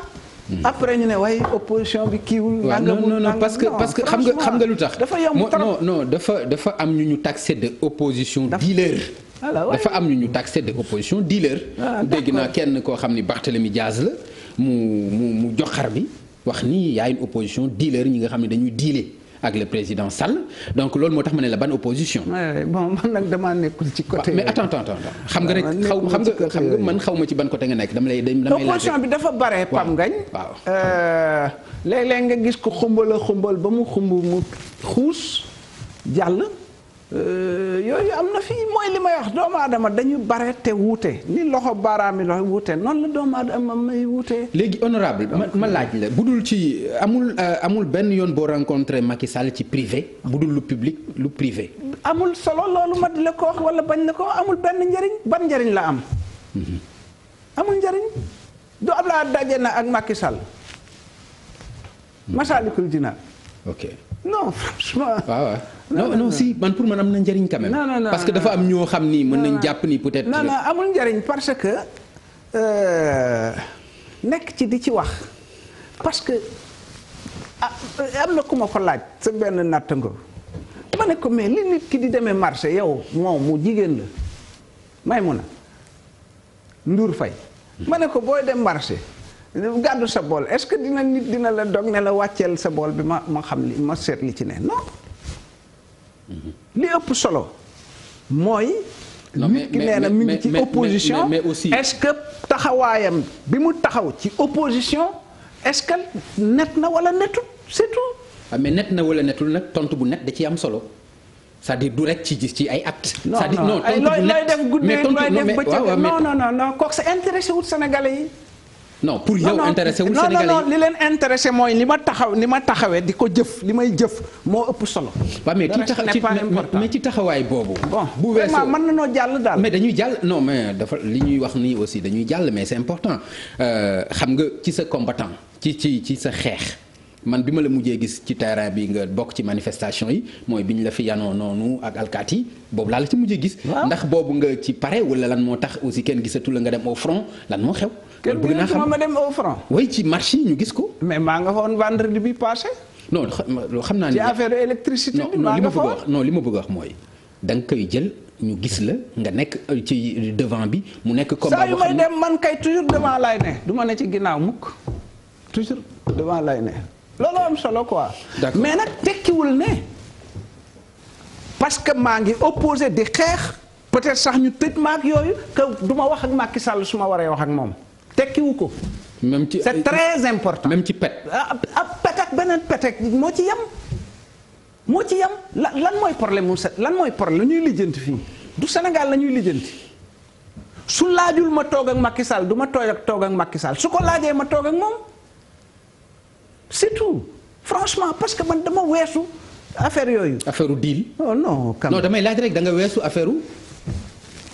Hmm. après ñu ne waaye opposition bi kiiwul. waaw non no non parce que parce que xam nga xam nga lu tax. dafa yomb trop non non dafa dafa am ñu ñu taxé de opposition dealer. dafa am ñu ñu taxé de opposition dealer. Ah, dégg naa kenn koo xam ni Barthélemy Diaz la mu mu mu jox xar bi wax ni y opposition dealer ñi nga xam ne dañuy dealer. ak le président sal donc loolu moo tax ma ne la ban opposition. bon man nag damaa nekkul ci côté. mais attends xam nga rek xam nga xam nga man xaw ma ci ban côté nga nekk dama lay. damay opposition bi dafa bare. Pam Ngañ waaw euh, léeg nga gis ko xumbal xumbal ba mu xumb mu xuus jàll. Euh, yooyu am na fii mooy li may wax doomu aadama dañu bare te wuute ni loxo baaraam yi loxo wuute noonu la doomu aadama may wuute. léegi honorable ma laaj la bu dul ci amul euh, amul benn yoon boo rencontré Macky Sall ci privé bu dul lu public lu privé. amul solo loolu ma di la ko walla bañ la ko amul benn njariñ ban njariñ la am. Mhm. amul njariñ du Abdoulaye daje na ak makisal Sall. Mhm. Masaalikul Jinaan. non franchement. waaw waaw non non si man pour man am na njëriñ quand même. parce que dafa am ñoo xam nii mën nañ jàpp ni peut-être. non non amul njëriñ parce que euh, nekk ci di ci wax parce que ah, am na ku ma ko laaj. sa benn nattango ma ne ko mais li nit ki di demee marché yow moom mu jigéen la may mun a nduur fay. ma ne ko booy dem marché. gàddu sa bool est-ce que dina nit dina la dog ne la wàcceel sa bool bi ma ma xam li ma seet li ci ne non li ëpp solo mooy nit ki nee na mi ngi ci opposition mais aussi est que taxawaayam bi mu taxaw ci opposition est-ce que net na wala netul c'est tout ah, mais net na wala netul nag tontu bu net da ciy am solo cest à du rek ci gis ci ay actes. c'est-à-dire non tontu bu net mais tontu non non sa intéressé wut Sénégalais yi. non pour yow intéressé wul Sénégalais non non li leen intéressé mooy li ma taxaw li ma taxawee di ko jëf li may jëf moo ëpp solo. waaw mais ci taxawaay boobu. bon bu weesoo mën na noo jàll daal. mais dañuy jàll non mais dafa li ñuy wax nii aussi dañuy jàll mais c'est important euh, xam nga ci sa combattant ci ci ci sa xeex. man bi ma la mujjee gis ci terrain bi nga bokk ci manifestation yi mooy bi ñu la fi yanoo noonu ak alkaat yi boobu laa la ci mujjee gis. ndax boobu nga ci pare wala lan moo tax aussi kenn gisatu la nga dem au front lan moo xew. kenn bëgg naa xam ma dem au franc. way ci marché yi ñu gis ko. mais maa nga fa woon vendredi bi passé. non xam naa ni ci affaire électricité bi maa nga fa wax non li ma bëgg a wax da nga koy jël. ñu gis la nga nekk euh, ci devant bi mu nekk. comme saa yu may dem man kay toujours devant lay ne. du ma ne ci ginnaaw mukk toujours lay ne. looloo am solo quoi. mais nag tekkiwul ne. parce que maa ngi opposé di xeex peut-être sax ñu tëj maak yooyu que du ma wax ak Macky Sall su ma waree wax ak moom. tekkiwu ko. même ci c'est très important même ci pet. ab ah, ah, pet ak beneen pet ak moo ci yem. moo ci yem lan mooy problème mu set lan mooy problème la ñuy lijjanti fii du Sénégal la ñuy lijjanti su laajul ma toog ak Macky Sall du ma tooy ak toog ak Macky Sall su ko laajee ma toog ak moom surtout tout franchement parce que man dama weesu affaire yooyu. affaire u deal. oh non. non damay laaj rek da nga weesu affaire u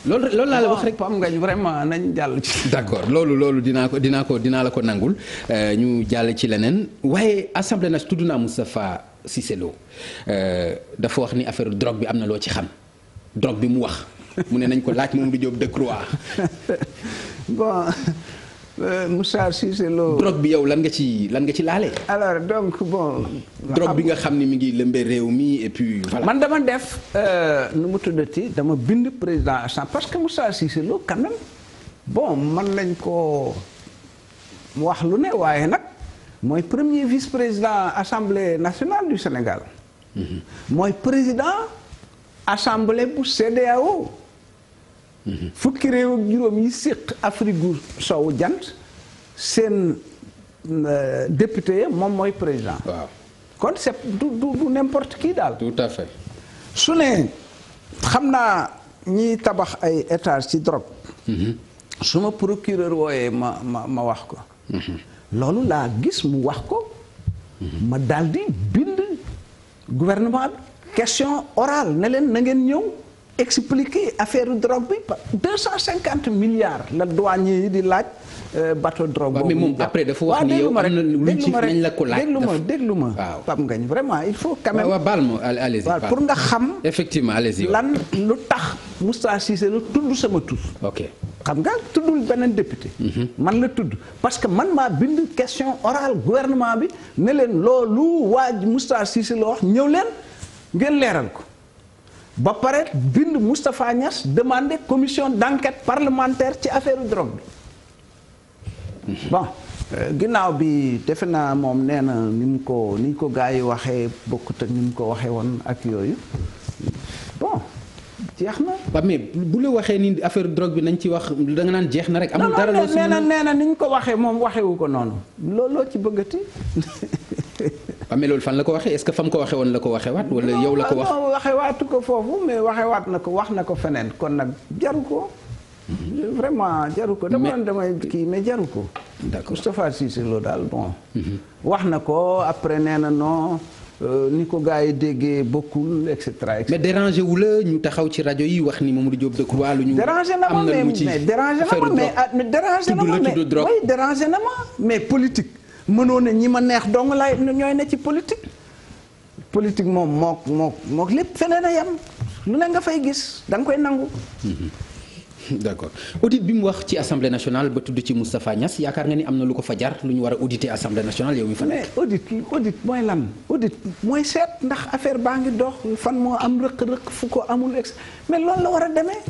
loolu loolu laa la wax rek Pape Ngagne vraiment nañ jàll ci. loolu loolu dinaa ko dinaa ko dinaa ko nangul euh, ñu jàll ci leneen waaye assemblée nationale tudd naa Moustapha Cissé Lo euh, dafa wax ni affaire drogue bi am na loo ci xam drogue bi mu wax mu ne nañ ko laaj moom du Diop Decroix bon. Euh, Moussa Cissé Lo. drogue bi yow lan nga ci lan ci laale. alors donc bon. drogue bi nga xam ni mi ngi lëmbee réew mi et puis man dama def euh, nu mu tuddati dama bind président Assane parce que Moussa Cissé Lo quand bon man lañ ko mu wax lu ne waaye nag mooy premier vice président assemblée nationale du Sénégal. Mhm. mooy président assemblée bu CEDEAO. fukki réew ak juróom yi séq Afrique gu sowu jant seen euh, député ya moom mooy président. waaw kon c'est du du du n'importe qui daal. su ne xam naa ñiy tabax ay étage ci drogue. Mhm. su ma procureur wooyee ma ma ma wax ko. Mhm. loolu laa gis mu wax ko. Mhm. ma daldi bind gouvernement question orale ne leen na ngeen ñëw. expliquer affaire drogue bi deux cent cinquante milliards la douanier yi di laaj euh, bateau drogue boobu. mais moom après dafa wax ni yow am na lu ci nañ la ko laaj. déglu ma déglu ma Pape Ngagne vraiment il faut quand même. baal ma allez pour nga xam. effectivement allez-y lan lu tax Moustapha Cissé la tudd sama tur. ok xam nga tuddul beneen député. Mhm. man la tudd parce que man maa bind question orale gouvernement bi ne leen loolu waa Moustapha Cissé la wax ñëw leen ngeen leeral ko. ba pare bind Moustapha Niass demandé commission d'enquête parlementaire ci affaire drogue bi bon euh, ginnaaw bi defe naa moom nee na ni mu ko ni ko gars yi waxee bokkut ak ni mu ko waxee woon ak yooyu bon jeex na. waaw mais bu la waxee ni affaire drogue bi nañ ci wax da naan jeex na rek. amul dara loo si nee na nee na ni ñu ko waxee moom waxewu ko noonu looloo ci bëggati. waaw mais loolu fan la ko waxee est-ce que fa mu ko waxee woon la ko wax non waxee waatu ko foofu mais waxee waat na ko wax na ko feneen kon nag jaru ko. vraiment jaru ko. dama damay kii mais jaru ko. d'accord Moustapha Cissé Lo daal bon. Mhm. wax na ko après nee na non. Euh, ni ko gars yi déggee bokkul et cetera. mais dérangé wu la ñu taxaw ci rajo yi wax ni Mamadou Diop Decroix lu ñu. am na mu ci mais dérangé na ma mais dérangé na ma mais ah, dérangé na ma mais politique. mënoo ne ñi ma neex dong laay ñooy ne ci politique politique moom mook mook mook lépp feneen a yem lu ne nga fay gis danga koy nangu mhm. d'accord audit bi mu wax ci assemblée nationale ba tudd ci Moustapha Niass yaakaar nga ni am na lu ko fa jar lu ñu war a auditer assemblée nationale yow mi fa nekk. mais audit audit mooy lan audit mooy seet ndax affaire baa ngi dox fan moo am rëq-rëq fu ko amul ex mais loolu la war a demee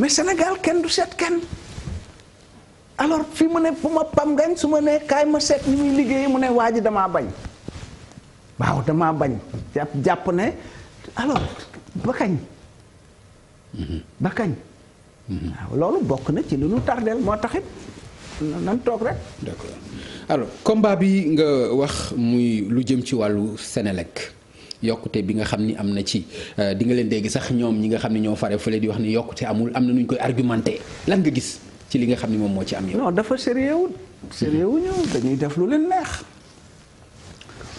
mais Sénégal kenn du seet kenn. alors fi mu ne fu ma pam ngañ su ma nee kaay ma seet ni muy liggéeyee mu ne waa ji damaa bañ waaw damaa bañ jàpp jàpp ne alors ba kañ. ba kañ. loolu bokk na ci lu nu tardeel moo taxit nan toog rek. d'accord alors bi nga wax muy lu jëm ci wàllu Sénélec. yokkute bi nga xam ni am na ci euh, di nga leen dégg sax ñoom ñi nga xam ne ñoo fare fële di wax ni yokkute amul am na nuñ koy argumenté lan nga gis. ci li nga xam ne moom moo ci am yow. non dafa sérieux sérieux ñu dañuy def lu leen neex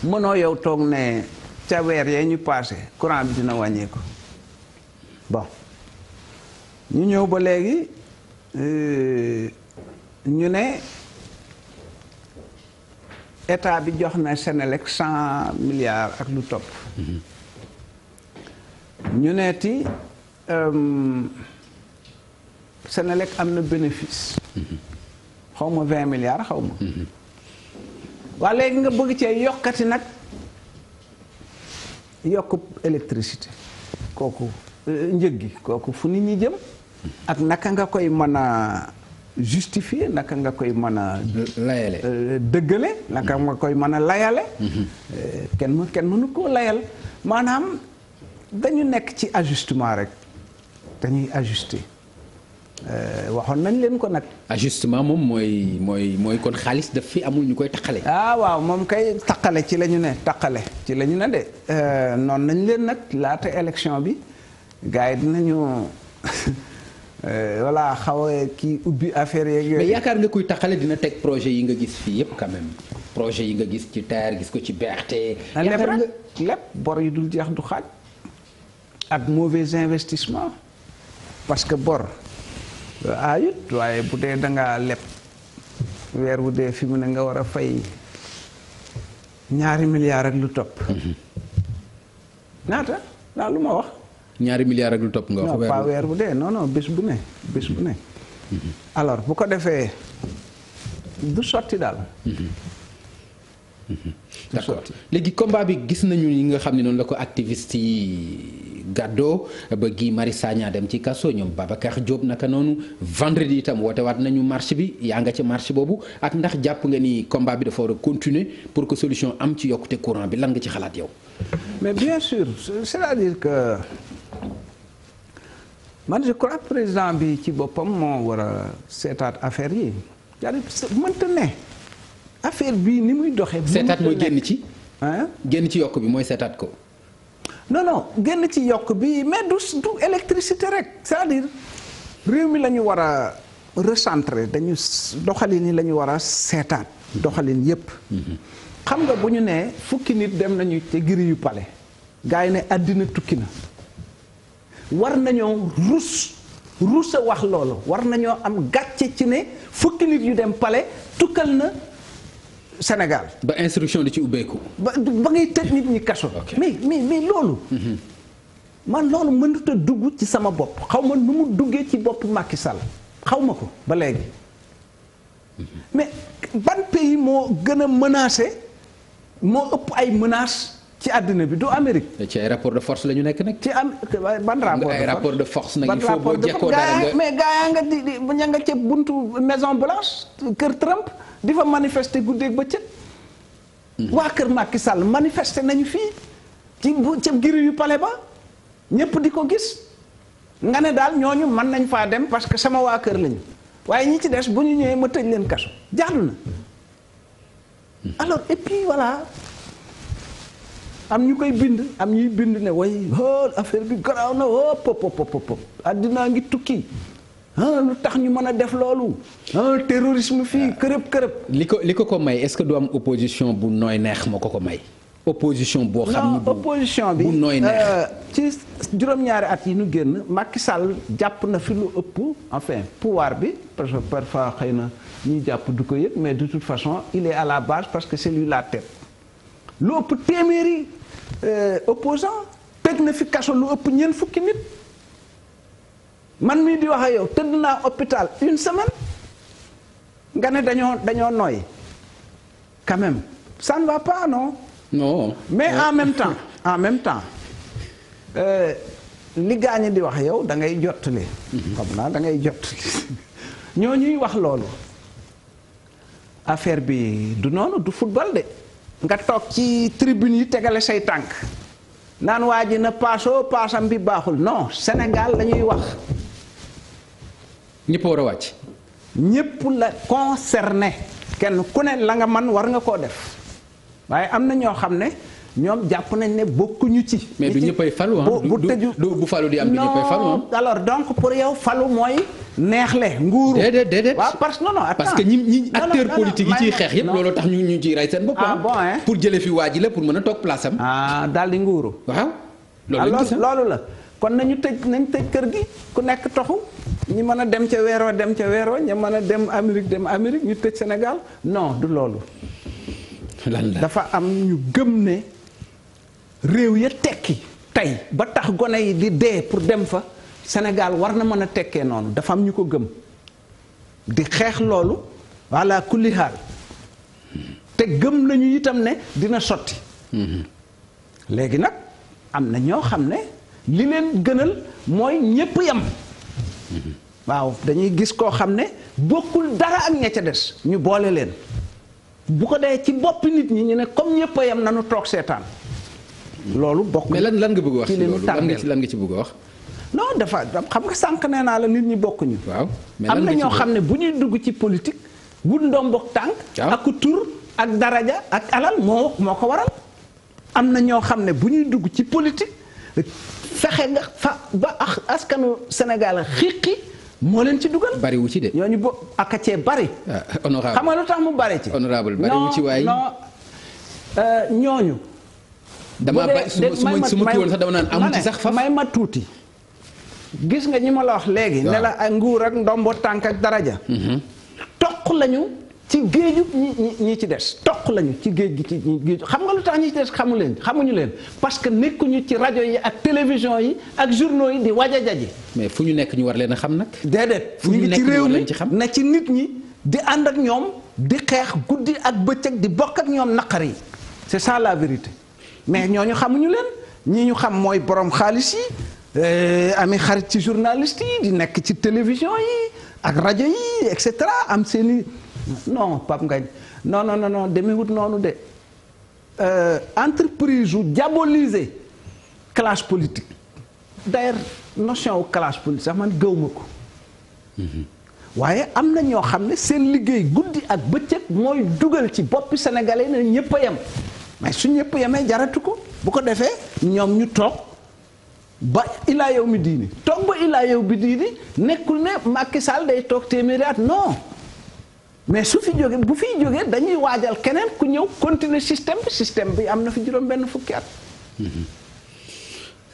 mënoo yow toog ne ca weer yee ñu paase courant bi dina wàññeeku bon ñu ñëw ba léegi euh, ñu ne état bi jox na Senelec cent milliards ak lu topp mm-hmm. ñu ne ti. Euh, Senelec am na bénéfice xaw ma vingt milliards xaw ma waa léegi nga bëgg ci yokkati nag yokk électricité kooku euh, njëg gi kooku fu nit ñi jëm ak naka nga koy mën a justifier naka nga koy mën a layale euh, dëggale naka nga koy mën a layale euh, kenn mu kenn mënu koo layal maanaam dañu nekk ci ajustement rek dañuy ajuster Euh, waxoon nañ leen ko nag. ajustement ah, moom mooy mooy mooy kon xaalis daf fi amul ñu koy taqale. ah waaw moom kay taqale ci la ñu ne taqale ci la ñu ne de euh, noonu nañ leen nag laata élection bi gars yi dinañu euh, voilà xaw a kii ubbi affaire yeeg yooyu. mais yaakaar nga kuy taqale dina teg projet yi nga gis fii yëpp quand même projet yi nga gis ci TER gis ko ci BRT. Ah, yaakaar nga lépp bor yi dul jeex du xaaj ak mauvais investissement parce que bor. aayut ah, waaye bu dee danga leb weer wu dee fi mu ne nga war a fay ñaari milliards ak lu topp mhm. naata naa lu ma wax ñaari milliards ak lu topp nga wax weer bu dee non non bu ne bés bu ne mhm. alors bu ko defee du sotti daal mhm. d'accord léegi combat bi gis nañu yi nga xam ne noonu la ko activiste yi gàddoo ba Guy Marius Sagna dem ci kaso ñoom Babacar Diop naka noonu vendredi itam woote waat nañu marche bi yaa nga ci marche boobu ak ndax jàpp nga ni combat bi dafa war a continuer pour que solution am ci yokkute courant bi lan nga ci xalaat yow. mais bien sûr c'est-à-dire que man je crois président bi ci boppam moo war a seetaat affaire yi. cest à mënta ne affaire bi ni muy doxee. seetaat mooy génn ci. génn ci yokk bi mooy seetaat ko. non génn ci yokk bi mais du du électricité rek cest à réew mi lañu ñu war a recentrer dañu doxalin yi lañu ñu war a seetaat doxalin yépp xam nga bu ñu nee fukki nit dem nañu ci giri yu pale gars yi ne àddina tukki na war nañoo rus rus wax loolu war nañoo am gàcce ci ne fukki nit yu dem pale tukkal na Sénégal. ba instruction di ci ubbeeku. ba ba ngay tëj nit ñi kaso. mais mais mais loolu. Mhm. man loolu mënut dugg ci sama bopp xaw ma nu mu duggee ci bopp Macky Sall xaw ma ko ba léegi. Mhm. mais ban pays moo gën a menacé moo ëpp ay menaces ci àddina bi du Amérique. ci ay rapport la ñu nekk nag. ci am ban rapport de force ay force nag il faut boo jekkoo dara nga mais gaa yaa nga di ña nga ca buntu Maison Blanche kër Trump. di fa manifester ba bëccëg. Hmm. waa kër Macky Sall manifester nañu fii ci bu ca giri yu pale ba ñëpp di ko gis nga ne daal ñooñu mën nañ faa dem parce que sama waa kër lañu waaye ñi ci des bu ñu ñëwee ma tëj leen kaso jaadu na hmm. alors et puis voilà am ñu koy bind am ñuy bind ne way oh, affaire bi garaaw na oh pop pop ngi tukki. Ah, lu tax ñu mën a def loolu ah, terrorisme fii kërëb ah. kërëb li ko li ko ko may est-ce que du am opposition bu nooy neex moo ko ko may opposition boo xam ne opposition bi bu nooy neex euh, ci juróom-ñaari at yi nu génn Macky Sall jàpp na fi lu ëpp enfin pouvoir bi parce que parfois xëy na ñuy jàpp du ko yëg mais de toute façon il est à la base parce que c'est lui la tête lu ëpp téeméeri euh, opposant teg na fi kaso lu ëpp ñeent fukki nit man mii di wax ak yow tëdd naa hôpital une semaine nga ne dañoo dañoo nooy quand même ça ne mais en même temps en même temps euh, li gaañi di wax yow da ngay jottali. Mhm. xam naa da ngay jottali ñoo ñuy wax loolu affaire bi du noonu du football de nga toog ci tribune yi tegale say tànk naan waa ji na paasoo paasam bi baaxul non Sénégal lañuy ñuy wax. ñëpp war a wàcc. ñëpp la concerné kenn ku ne la nga man war nga koo def waaye am na ñoo xam ne ñoom jàpp nañ ne bokkuñu ci. mais du ñëppay falu bu tëju bu falu di am du ñëppay falu alors donc pour yow falu mooy. neexle nguuru déedéet déedéet waaw parce que non parce que ñi ñi acteurs politiques yi ciy xeex yëpp looloo tax ñu ñu ciy rey seen bopp. ah bon pour jëlee fi waa ji la pour mën a toog place am. ah daal di nguuru. waaw loolu ah, loolu la. kon nañu tëj nañ tëj kër gi ku nekk toxu ñi mën a dem ca weeroo dem ca weeroo ñi mën a dem Amérique dem Amérique ñu tëj Sénégal non du loolu dafa am ñu gëm ne réew ya tekki tey ba tax gone yi di dee pour dem fa Sénégal war na mën a tekkee noonu dafa am ñu ko gëm di xeex loolu walla kulli haal te gëm lañu itam ne dina sotti mhm. léegi nag am na ñoo xam ne li leen gënal mooy ñépp yam waaw dañuy gis koo xam ne bokkul dara ak ña ca des ñu boole leen bu ko dee ci boppi nit ñi ñu ne comme ñépp a yem nanu toog seetaan loolu bokk mais lan lan bëgg wax ci lan nga ci lan nga ci bëgg wax non dafa xam nga sànq nee naa la nit ñi bokkuñu waaw am na ñoo xam ne bu ñuy dugg ci politique wut ndombok tànk ak tur ak daraja ak alal moo moo ko waral am na ñoo xam ne bu ñuy dugg ci politique fexe nga fa ba askanu Sénégal xiqi moo leen ci dugal. bariwu ci de. ñooñu bo ak cee bari. Ah, honorable xam nga lu tax mu bari ci. honorable bari wu ci waaye euh, ñooñu. dama ba su ma su ma kii woon sax dama naan amu ci sax fa may ma tuuti. gis nga ñi ma la wax léegi. ne la ay nguur ak ndomboo tànk ak daraja. Mhm. toq lañu. ci géeju ñi ñi ci des toq lañu ci géej gi ci géeju xam nga lu tax ñi ci des xamu leen xamuñu leen parce que nekkuñu ci rajo yi ak télévision yi ak journaux yi di waja jaji mais fu ñu nekk ñu war leen xam nag. déedéet fu ñu nekk ñu war xam na ci nit ñi di ànd ak ñoom di xeex guddi ak bëccëg di bokk ak ñoom naqar yi c'est la vérité mais ñooñu xamuñu leen ñi ñu xam mooy boroom xaalis yi euh, ami xarit ci journaliste yi di nekk ci télévision yi ak rajo yi et am seeni non Pape Ngagne non non non non demewut noonu de euh, entreprise yu diaboliser classe politique d'ailleurs notion wu classe politique sax man gëw ma ko mhm. waaye am na ñoo xam ne seen liggéey guddi ak bëccëg mooy dugal ci boppi yi ne ñëpp a yem mais su ñëpp yemee jaratu ko bu ko defee ñoom ñu toog ba ilaa yow mi diini toog ba ilaa yow bi diini nekkul ne Macky Sall day toog téeméeri at non mais su fi jógee bu fiy jógee dañuy waajal keneen ku ñëw continuer système bi système bi am na fi juróom benn fukki at mm-hmm.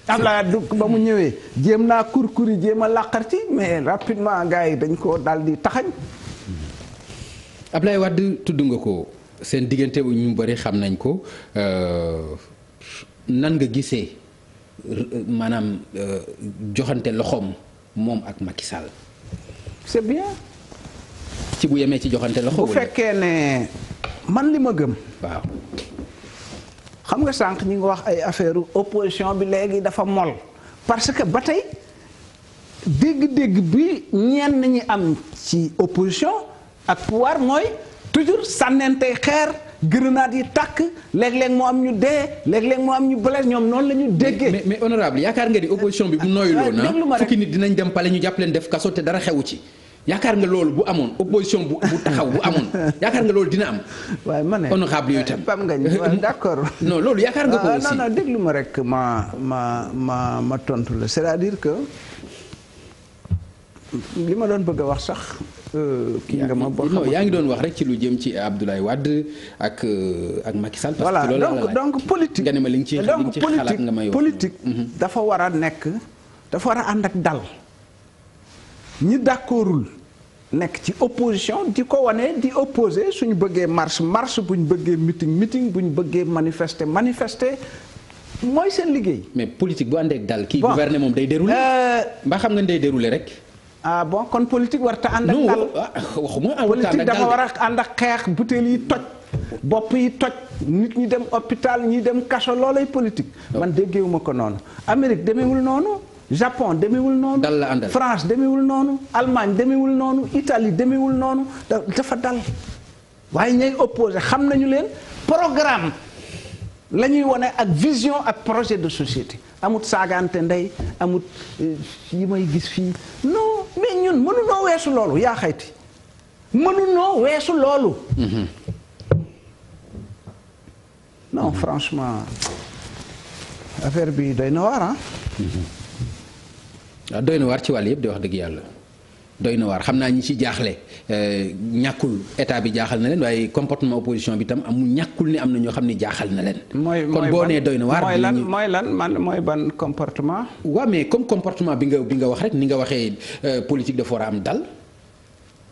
Abdoulaye Wade ba mu ñëwee jéem naa kurkuri jéem a làqarti mais rapidement gars yi dañ ko daal di taxañ Abdoulaye Wade tudd nga ko seen diggante bu ñu bëri xam nañ ko euh, nan nga gisee maanaam euh, joxante loxoom moom ak Macky c'est bien ci bu yemee ci joxante loxo. bu fekkee ne man li ma gëm. waaw xam nga sànq ñi ngi wax ay affaire opposition bi léegi dafa mol parce que ba tey dégg-dégg bi ñenn ñi am ci opposition ak pouvoir mooy toujours sànnentey xeer. grenade yi tàkk léeg-léeg moo am ñu dee léeg-léeg moo am ñu blessé ñoom noonu la ñu déggee. mais mais honorable yaakaar nga di opposition bi bu nooyuloon ah, ah fukki nit dinañ dem pale ñu jàpp leen def kaso te dara xewu ci. yaakaar nga loolu bu amoon opposition bu bu taxaw bu amoon yaakaar nga loolu dina am. waaye ma ne honorable yooyu tam Pape Ngagne d'accord. non loolu yaakaar nga ko ah, aussi non non déglu ma rek ma ma ma ma tontu la c'est-à-dire que li ma doon bëgg a wax sax. Euh, kii nga ma boo xamante yaa ngi doon wax rek ci lu jëm ci Abdoulaye Wade ak euh, ak Macky Sall. parce que loolu donc donc politique nga ne ma li nga ci xalaat nga may wax donc politique mhm. dafa war a nekk dafa war a ànd ak dal. ñi d'accordul nekk ci opposition di ko wane di opposé suñu bëggee marche marche bu ñu bëggee meeting meeting bu ñu bëggee manifester manifester mooy seen liggéey. mais politique bu àndeek dal. kii gouverner moom day déroulé. Euh, mbaa xam nga ni day déroulé rek. ah bon kon politique war ta ah, ànd ak dal waxuma politique dafa war a ànd ak xeex butéel yi toj. bopp yi toj nit ñi dem hôpital ñi dem kaso loolay politique. man déggeewuma ko noonu Amérique demeewul noonu. Japon demewul noonu. dal France demewul noonu. Allemagne demewul noonu. Italie demewul noonu dafa dal waaye ñay opposé xam nañu leen programme la ñuy wane ak vision ak projet de société amut saagante ndey amut euh, yi may gis fii non mais ñun mënunoo weesu loolu yaa xayti mënunoo weesu loolu. Mm-hmm. non franchement affaire bi doy na waar ah. mm-hmm. waaw ah, doy nawaar ci wàll yëpp di wax dëgg yàlla doy na waar xam naa ñi ci jaaxle eh, ñàkkul état bi jaaxal na leen waaye comportement opposition bi tam amu ñàkkul ni am na ñoo xam ne jaaxal na leen. mooy kon boo nee doy na waar. mooy lan mooy lan man mooy ban comportement. waaw mais comme comportement bi nga bi nga wax rek ni nga waxee eh, politique dafa war a am dal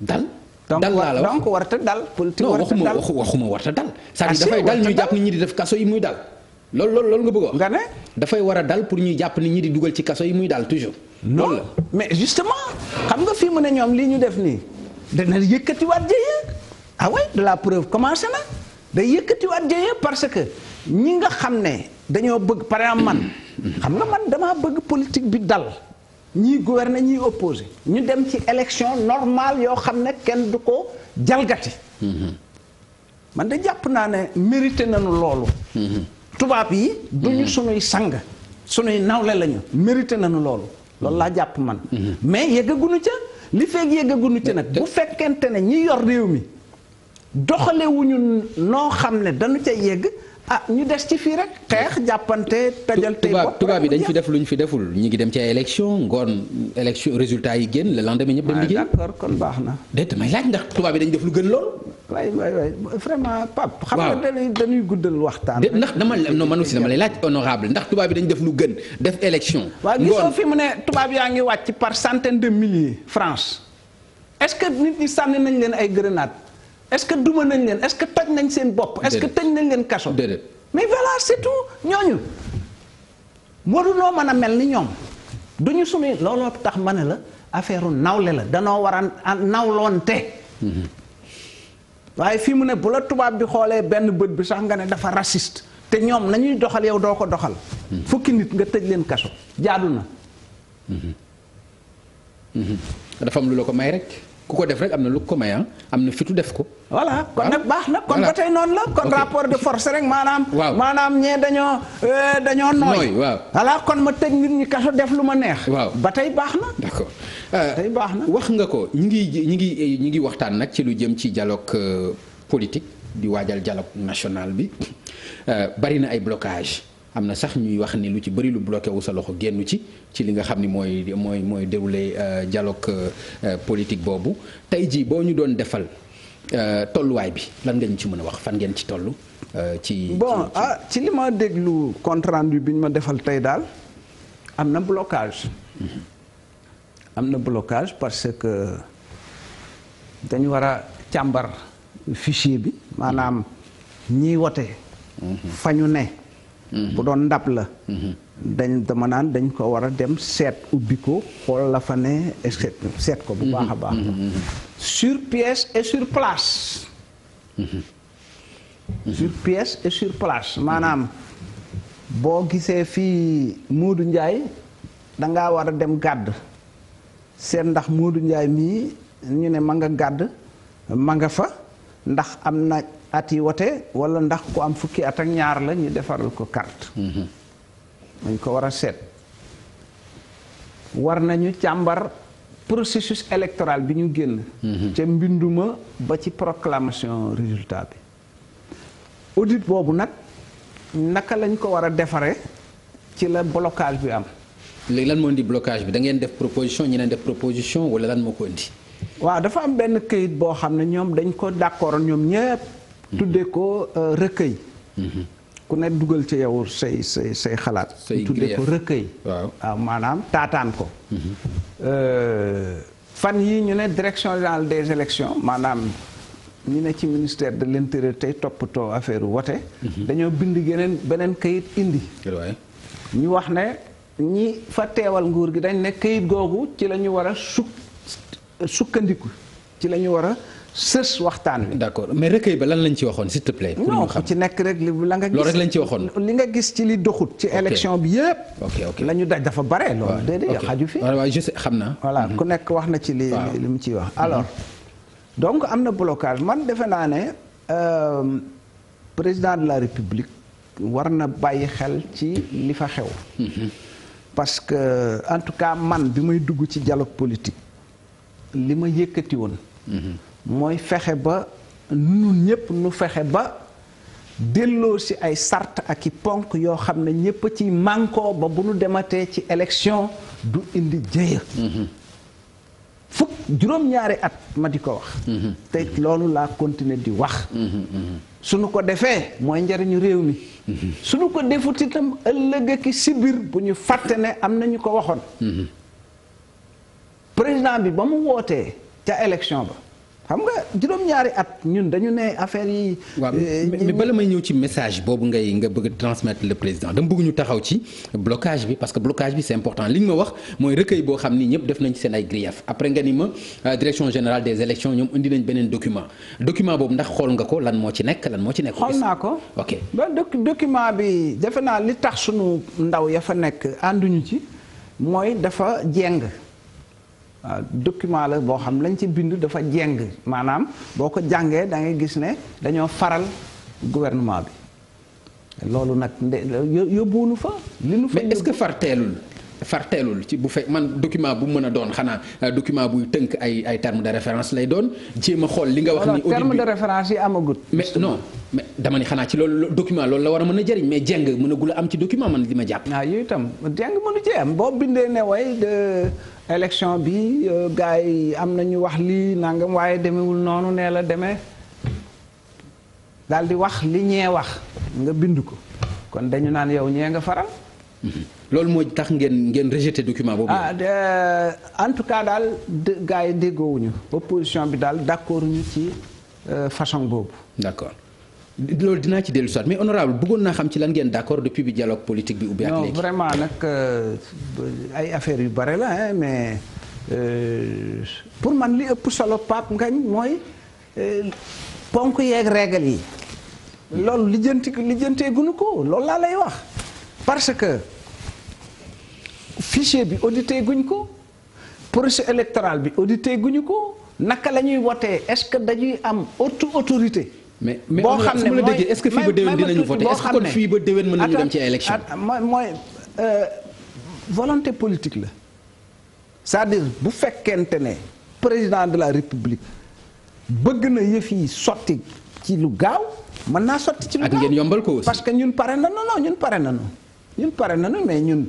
dal. dal laa la wax donc warta dal. politique warta dal non waxuma waxuma warta dal. c'est-à-dire ah, dal ñu jàpp nit di def kaso yi muy dal. loolu loolu loolu nga bëgg a wax. nga ne dafay war a dal ñuy jàpp ni ñi di dugal ci kaso yi muy dal toujours loolu la oh, mais justement xam nga fii mu ne ñoom lii ñu def nii dana yëkkatiwaat jëye ah oui de la preuve commencé na day yëkkatiwaat jëye parce que ñi nga xam ne dañoo bëgg par exemple man xam nga man damaa bëgg politique bi dal ñii gouverner ñii opposé ñu dem ci élection normal yoo xam ne kenn du ko jalgati mm-hmm. man de jàpp naa ne mérité nanu loolu mm-hmm. tubaab yi du ñu mm-hmm. sunuy sang sunuy nawle lañu mérité nañu loolu loolu laa jàpp man mais yëggagunu ca li fekk yëggagunu ca nag bu fekkente ne ñi yor réew mi doxalewuñu noo xam ne dañu ca yegg ah ñu des ci fii rek xeex jàppante tajal tey bopp tubaab yi dañu fi def lu ñu fi deful ñu ngi dem ci ay élection ngoon élection résultat yi génn le lendemain ñëpp dem ah, liggéey d'accord kon baax na déet may laaj ndax tubaab bi dañ def lu gën lool waay waay waay vraiment Pape xam nga dañuy guddal waxtaan ndax dama non man aussi dama lay laaj honorable ndax tubaab bi dañ def lu gën def élection waaw gisoo fi mu ne tubaab yaa ngi wàcc par centaine de milliers France est-ce que nit ñi sànni nañ leen ay grenades est-ce que duma nañ leen est-ce que toj nañ seen bopp. est-ce que tëj nañ leen kaso. mais voilà c'est tout ñooñu waruloo mën a mel ni ñoom du ñu suñu looloo tax ma ne la affaire nawle la danoo war a nawloonte. Mm-hmm. waaye fii mu ne bu la tubaab bi xoolee benn bët bi sax nga ne dafa rasist te ñoom nañuy doxal yow doo ko doxal. Mm-hmm. fukki nit nga tëj leen kaso jaadu na. Mm-hmm. dafa am lu la ko may rek. ku ko def rek am na lu ko may ah, am na fitu def ko. voilà kon nag baax na kon ba tey noonu la. kon rapport de force rek maanaam. waaw maanaam ñee dañoo euh, dañoo nooy. waaw voilà kon ma teg nit ñi kaso def lu ma neex. waaw ba tey baax na. Euh, baax na. wax nga ko ñu ngi ñu ngi ñu ngi waxtaan nag ci lu jëm ci jaloog euh, politique di waajal dialogue national bi bari na ay blocage am na sax ñuy wax ni lu ci bëri lu bloqué wu sa loxo génnu ci ci li nga xam ni mooy mooy mooy déroulé euh, dialogue euh, politique boobu tey jii boo ñu doon defal euh, tolluwaay bi lan nga ñu ci mën a wax fan ngeen ci tollu ci. bon ah ci li ma déglu compte rendu bi ñu ma defal tey daal am na blocage. Mm-hmm. am na blocage parce que dañu war a càmbar fichier bi maanaam mm-hmm. ñiy wote. Mm-hmm. fa ñu ne. Mm-hmm. bu doon ndab la mm-hmm. dañ dama naan dañ ko war a dem seet ubbi ko xool la fa ne seet ko bu baax a baax mm-hmm. sur pièce et sur place sur pièce et sur place maanaam boo gisee fii muudu Njaay dangaa war a dem gàdd seet ndax Moodu Njaay mii ñu ne ma nga gàdd ma nga fa ndax am na at yi wote wala ndax ko am fukki at ak ñaar la ñu defaral ko carte mhm. dañ ko war a seet war nañu càmbar processus électoral bi ñu génn mhm. ca mbinduma ba ci proclamation résultat bi audit boobu nag naka lañ ko war a defare ci la blocage bi am léegi lan moo indi blocage bi da ngeen def proposition ñeneen def proposition wala lan moo ko indi waaw dafa am benn këyit boo xam ne ñoom dañ ko d'accord ñoom ñëpp tuddee ko euh, recueil mhm. ku ne dugal ci yow say say say xalaat tuddee ko recueil waaw ah, maanaam taataan ko mhm. euh, fan yii ñu ne direction générale des élections maanaam ñu ne ci ministère de l'intérieur tey toppatoo affaire wote mhm. dañoo bind yeneen beneen kayit indi ñu wax ne ñi fa teewal nguur gi dañ ne kayit googu ci la ñu war a sukkandiku ci la ñu war a sës waxtaan wi. d'accord mais recueil ba lan lañ ci waxoon s'il te plaît. pour ñu xam non la nga. gis loolu rek lañ ci waxoon. li nga gis ci li doxut. ci élection bi yëpp. ok ñu daj dafa bare. loolu déedéet xaju fi. waaw waaw xam na voilà ku mhm. nekk wax na ci li li mu ciy wax. alors mhm. donc am na blocage man defe naa ne euh, président de la république war na bàyyi xel ci li fa xew. Mhm. parce que en tout cas man bi may dugg ci dialogue politique li ma yëkkati woon. mooy fexe ba nun ñépp nu fexe ba delloo si ay sart ak i ponk yoo xam ne ñépp ci mànkoo ba bu nu dematee ci élection du indi jéya mm-hmm. fukk juróom-ñaari at ma di ko wax mm-hmm. te loolu laa continuer di wax mm-hmm, suñu ko defee mooy njariñu réew mi suñu ko defut itam ëllëg ak sibir bu ñu fàtte ne am na ñu ko waxoon président bi ba mu wootee ca élection ba xam nga juróom-ñaari at ñun dañu ne affaire yi. waaw eh, mais bala may ñëw ci message boobu ngay nga bëgg transmettre le président dama bëgg ñu taxaw ci blocage bi parce que blocage bi c'est important li ñu ma wax mooy recueil boo xam ni ñëpp def nañ ci seen ay griefs après nga ni ma euh, direction générale des élections ñoom indi nañ beneen document document boobu ndax xool nga ko lan moo ci nekk lan moo ci nekk. xool naa ko ok. ba document bi defe naa li tax sunu ndaw ya fa nekk ànduñu ci mooy dafa jeng. Euh, document la boo xam lañ ci bind dafa jeng maanaam boo ko jàngee da ngay gis ne dañoo faral gouvernement bi loolu nag yóbbuwunu fa. li nu fa mais est-ce que farteelul farteelul ci bu fekk man document bu mën a doon xanaa euh, document buy tënk ay ay termes de référence lay doon jéem a xool li nga wax ni audit terme yi amagut mais non mais dama xanaa ci loolu document loolu la war a mën a jëriñ mais jeng mën a gula am ci document man li ma jàpp waaw ah, yooyu itam jeng mënu ci am boo bindee ne way de élection bi euh, gars yi am ñu wax lii nangam waaye demewul noonu nee la demee dal di wax li ñee wax nga bind ko kon dañu naan yow ñee nga faral mhm. loolu moo tax ngeen ngeen rejeté document boobu. ah euh, en tout cas daal de gars yi déggoowuñu opposition bi daal d'accord ñu ci euh, façon boobu. d'accord loolu dinaa ci dellu soit mais honorable bëggoon naa xam ci lan ngeen d'accord depuis bi dialogue politique bi ubbi ak léegi. non vraiment nag euh, ay affaires yu bare la mais pour man li ëpp solo Pape Ngañ mooy ponk yeeg régal yi. loolu lijjanti lijjantee ko loolu laa lay wax parce que. fichier bi audité guñ ko procès électoral bi audité guñu ko naka la ñuy wotee est-ce que dañuy am auto autorité. mais mais boo xam ne mooy mais est-ce que fii ba déwén dinañu voté est-ce que kon fii ba déwén mën nañu dem ci élection. mooy mooy euh, volonté politique la cest à bu fekkente ne président de la république bëgg na yëf yi sotti ci lu gaaw mën naa sotti. ci lu gaaw yombal ko aussi parce que ñun pare na non ñun pare na non pare na non mais ñun.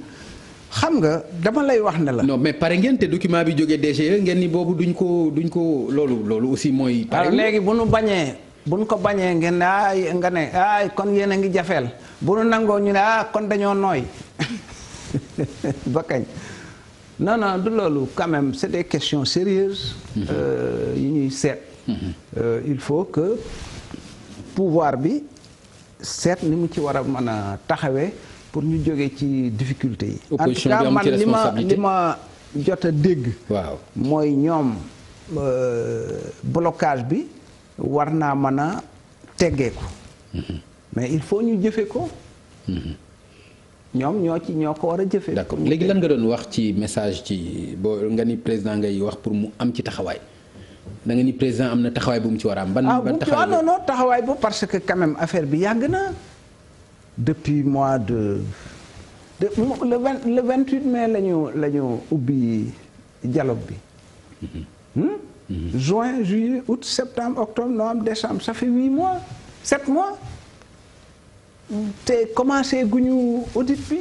xam nga dama lay wax ne la. non mais pare ngeen te document bi jógee DGE ngeen ni boobu duñ ko duñ ko loolu loolu aussi mooy. pare léegi bu nu bañee. bu nu ko bañee ngeen ne ay nga ne ay kon yéen a ngi jafeel bu nu nangoo ñu ne ah kon dañoo nooy ba kañ non du loolu quand même c'est des questions sérieuses. Mhm. Euh, yu ñuy seet. Mhm. Euh, il faut que pouvoir bi seet ni mu ci war a mën a taxawee. pour ñu jógee ci difficulté yi en tout cas man li ma li ma jot a dégg waaw mooy ñoom euh, blocage bi war naa mën a ko mm-hmm. mais il faut ñu jëfe ko mm-hmm. ñoom ñoo ci ñoo ko war a jëfee. d'accord léegi lan nga doon wax ci message ci boo nga ni président ngay wax pour mu am ci taxawaay da nga ni président am na taxawaay bu mu ci war a am. ban ah, ah, taxawaay bu parce que quand affaire bi yàgg na. depuis mois de de le vingt le vingt huit mai la ñu la ñu ubbi dialogue bi. Mm-hmm. Hmm? Mm-hmm. juin juillet août septembre octobre novembre décembre ça fait huit mois sept mois. te commencé guñu audit bi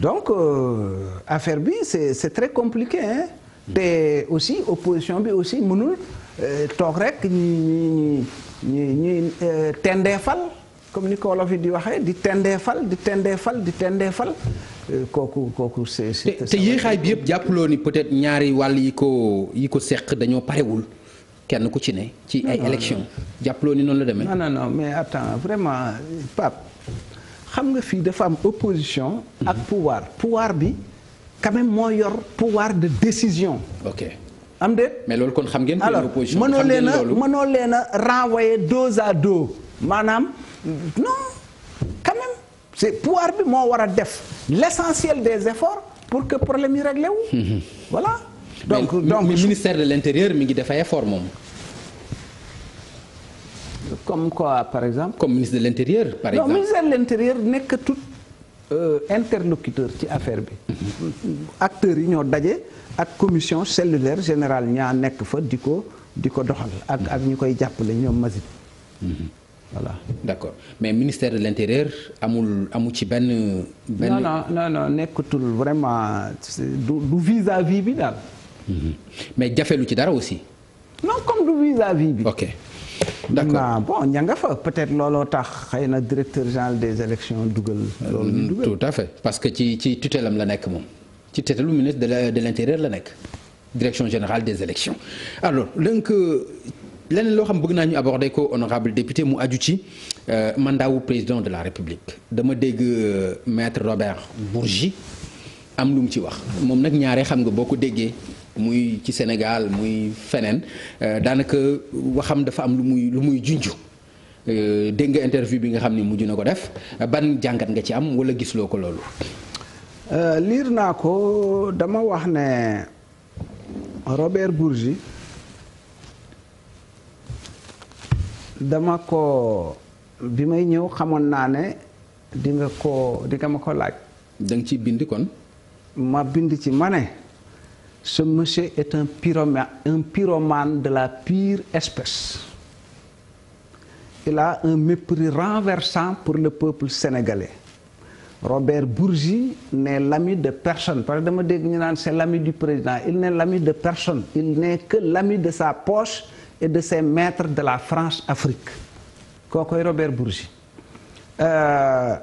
donc euh, affaire bi c'est c'est très compliqué hein. Mm-hmm. te aussi opposition bi aussi mënul euh, toog rek ñi ñi ñi ñi ñi euh, tendeefal. comme ni ko yi di waxee di tendeefal di tendeefal di tendeefal euh, kooku kooku c'est c'est te yéexaay bi yëpp jàppaloo ni peut-être ñaari wàll yi ko yi ko seq dañoo parewul kenn ku ci ne ci ay élection jàppaloo ni noonu la demee non non non mais attends vraiment Pape xam nga fii dafa am opposition mhm. ak pouvoir pouvoir bi quand même moo yor pouvoir de décision ok am déet mais loolu kon xam ngeen alors mënoo leen a mënoo leen a renvoyer dos à dos maanaam non quand même c'est pouvoir bi moo war a def l'essentiel des efforts pour que problème yi réglé wu. Mhm. voilà donc mais, donc ministère de l'intérieur mi ngi def ay effort moom. comme quoi par exemple. comme ministre de l'intérieur. par exemple non ministère de l'intérieur nekk tout euh, interlocuteur ci affaire bi. Mhm. acteurs yi ñoo daje ak commission cellulaire général ñaa nekk fa di ko di ko doxal. ak ak ñu koy jàppale ñoom Mazid. voilà d'accord mais ministère de l'intérieur amul amu ci benn. benn non non nekkatul vraiment du du vis-à-vis bi daal. Mhm. mais jafelu ci dara aussi. non comme du vis-à-vis bi. ok d'accord bon fa peut-être looloo tax xëy na directeur général des élections dugal. loolu dugal tout à fait parce que ci ci tutelam la nekk moom ci tutelu ministre de l'intérieur la nekk direction générale des élections alors donc. leneen loo xam bëgg naa ñu aborder ko honorable député mu aju ci euh, mandat wu président de la république dama dégg euh, maître Robert Bourgi am lu mu ci wax moom nag ñaare xam nga boo ko déggee muy ci Sénégal muy feneen euh, daanaka waxam dafa am lu muy lu muy junj dégg nga interview bi nga xam ni mujj na ko def ban jàngat nga ci am wala gisuloo ko loolu. liir naa ko dama wax ne Robert Bourgi. dama ko bi may ñëw xamoon naa ne di nga ko di nga ma ko laaj. da nga ciy bind kon. ma bind ci ma ne. ce monsieur est un pyromane un pyromane de la pire espèce. il a un mépris renversant pour le peuple sénégalais. Robert Bourgi n'est l'ami de personne parce que dama dégg ñu naan c'est l'ami du président il n'est l'ami de personne il n'est que l'ami de sa poche. et de ses maîtres de la France Afrique kookoy Robert Bourgi euh,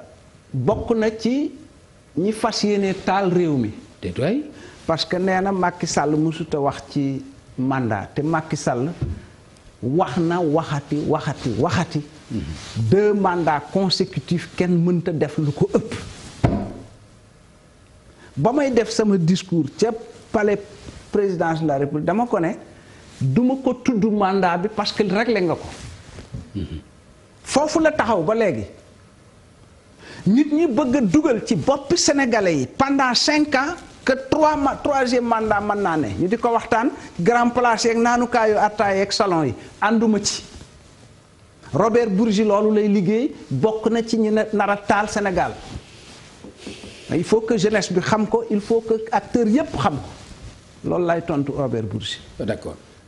bokk na ci ñi fas yéene taal réew mi. parce que nee na Macky Sall mësut wax ci mandat te Macky Sall wax na waxati waxati waxati. Mm-hmm. deux mandats consécutifs kenn mënta def lu ko ëpp. ba may def sama discours ca palais présidence de la république dama ko ne. duma ko tudd mandat bi parce que réglé nga ko foofu la taxaw ba léegi nit ñi bëgg dugal ci boppi sénégalais yi pendant cinq ans que trois ma troisième mën naa ne ñu di ko waxtaan grand place yeeg naanukaayu attaay yeeg salon yi ànduma ci Robert Bourgi loolu lay liggéey bokk na ci ñu ne nar a taal Sénégal il faut que jeunesse bi xam ko il faut que acteur yépp xam ko loolu lay tontu Robert Bourgi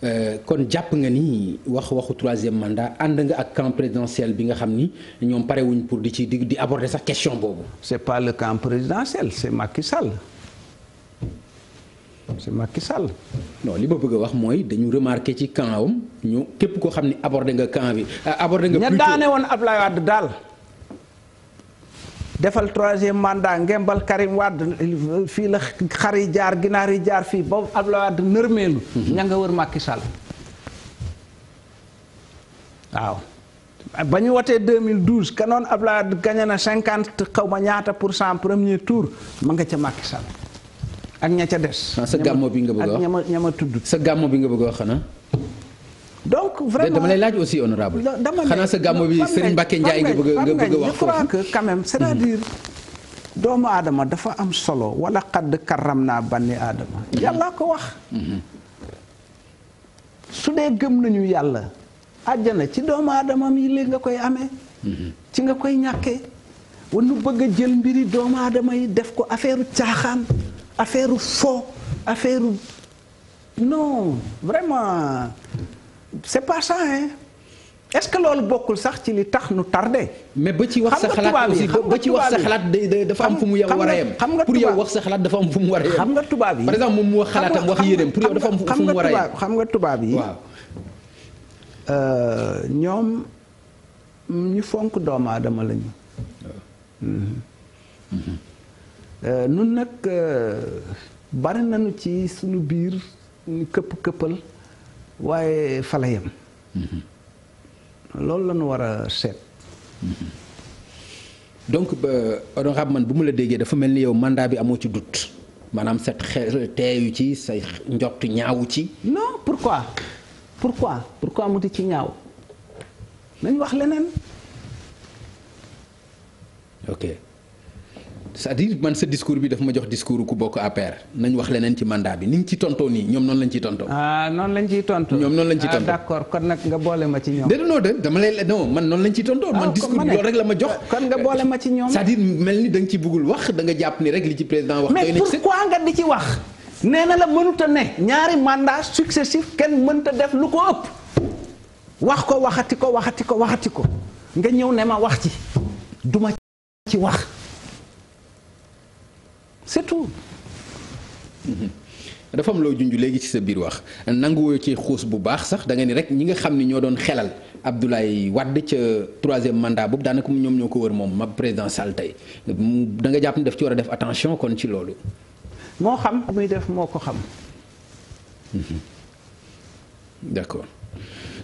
Euh, kon jàpp nga ni wax waxu troisième mandat ànd nga ak camp présidentiel bi nga xam ni ñoom pare wuñ pour di ci digg di aborder sax question boobu. c'est pas le camp présidentiel c'est Macky Sall. c'est Macky Sall. non li ma bëgg a wax mooy dañu remarqué ci camp am ñu képp koo xam ne abordé nga camp bi euh, abordé nga. plutôt ña daane woon Ablaye Wade daal. defal troisième mandat ngembal Karim Wade fii la xar yi jaar ginaar yi jaar fii boobu Abdoulaye Wade nërmeelu mhm. ña nga wër Macky Sall waaw ba ñu wotee 2012 kanoon Abdoulaye Wade gañe na cinquante xaw ma ñaata pour cent premier tour mu nga ca Macky Sall ak ña ca des. Ah, sa gàmmo bi nga bëgg a wax ak sa gàmmo bi nga bëgg a wax xanaa. donc vraiment dama lay laaj aussi honorable dama ne xanaa sa gàmmu bi Serigne Mbacké Ndiaye nga bëgg nga bëgg a wax foofu c'est-à-dire hmm. doomu aadama dafa am solo wala xadd karam naa banni aadama hmm. yàllaa ko wax hmm. su dee gëm nañu yàlla àjjana ci doomu aadama yi léegi nga koy ame ci nga koy ñàkkee wanu bëgg jël mbiri doomu aadama yi def ko affaire caaxaan affaire fo affaire non vraiment c'est pas ça hein est-ce que loolu bokkul sax ci li tax nu tarde mais ba ci wax sa xalaat aussi ba ci wax sa xalaat dafa am fu mu yow war a yem. pour yow wax sa xalaat dafa am fu mu war a xam nga tubaab yi par exemple moom mu wax xalaatam wax yéeneem pour yow dafa am fu mu war a xam nga tubaab yi waaw. Euh, ñoom ñu fonk doomu aadama lañu. Euh, nu nag euh, bari nañu ci suñu biir ñu këpp këppal. waaye fa la mm-hmm. loolu la ñu war a seet mm-hmm. donc ba honorable man bu ma la déggee dafa mel ni yow mandat bi amoo ci dut maanaam sa xel teeyu ci sa njot ñaawu ci non pour pourquoi pour mu di ci ñaaw nañ wax leneen ok c'est-à-dire man sa discours bi daf ma jox discours ku bokk APR nañ wax leneen ci mandat bi ni ñu ci tontoo nii ñoom noonu lañ ciy tontoo. ah noonu lañ ciy tontoo. ñoom noonu lañ ciy ah, tontoo d'accord kon nag nga boole ma ci ñoom. déedéet non de dama lay non man noonu lañ ciy tontoo. man ah, discours bi loolu rek la ma jox. kon nga boole ma ci ñoom. c'est-à-dire mel ni da nga ci bëggul wax da nga jàpp ni rek li ci président wax. doy na ci mais pourquoi nga di ci wax. nee na la mënut a ne ñaari mandat successif kenn mënut a def lu ko ëpp. wax ko waxati ko waxati ko waxati ko nga ñëw ne ma wax ci duma ci wax surtout tout. loo junj léegi ci sa biir wax nanguwoo ci xuus bu baax sax da nga ni rek ñi nga xam ni ñoo doon xelal Abdoulaye Wade ca troisième mandat boobu daanaka ñoom ñoo ko wër moom ma président Sall tey da nga jàpp ni daf ci war a def attention kon ci loolu. moo xam muy def moo ko xam. d'accord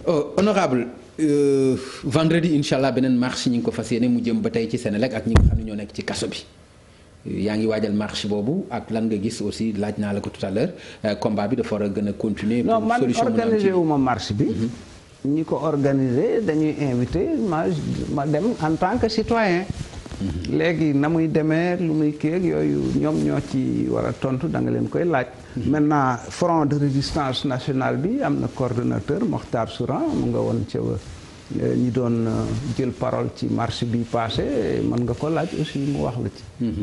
oh, honorable euh, vendredi incha allah beneen marche ñi ngi ko fas yéene mu jëm ba tey ci Sénélec ak ñi nga xam ne ñoo nekk ci kaso bi. yaa ngi waajal marche boobu ak lan nga gis aussi laaj naa la ko tout à l'heure euh, bi dafa war a gën a continuer. non man organiser wu ma marche bi. Mhm. ñi ko organiser dañuy invité ma ma dem en tant que citoyen. Mhm. léegi na muy demee lu muy kéeg yooyu ñoom ñoo ci war a tontu da nga leen koy laaj. Mhm. maintenant front de résistance nationale bi am na coordinateur Mokhtar sourant mu nga woon ca euh, ñi doon euh, jël parole ci marché bi passé mën nga ko laaj aussi mu wax la ci.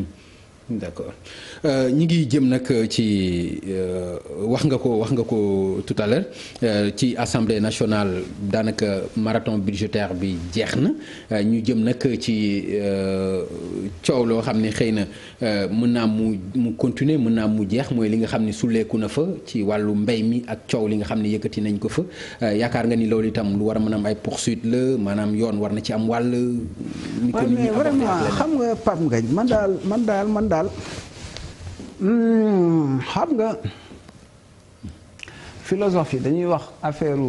d' accord euh, ñi ngi jëm nag euh, ci euh, wax nga ko wax nga ko tout à l'heure ci assemblée nationale daanaka marathon budgétaire bi jeex na ñu jëm nag ci coow loo xam ne xëy na mën naa mu mu continuer mën naa mu jeex mooy li nga xam ne sulleeku na fa ci wàllu mbay mi ak coow li nga xam ne yëkkati nañ ko fa yaakaar nga ni loolu itam lu war a mën a am ay poursuite la maanaam yoon war na ci am wàll. ni ko nit ñi xam nga Pape Ngagne man daal man daal Hmm, xam nga philosophie dañuy wax affaire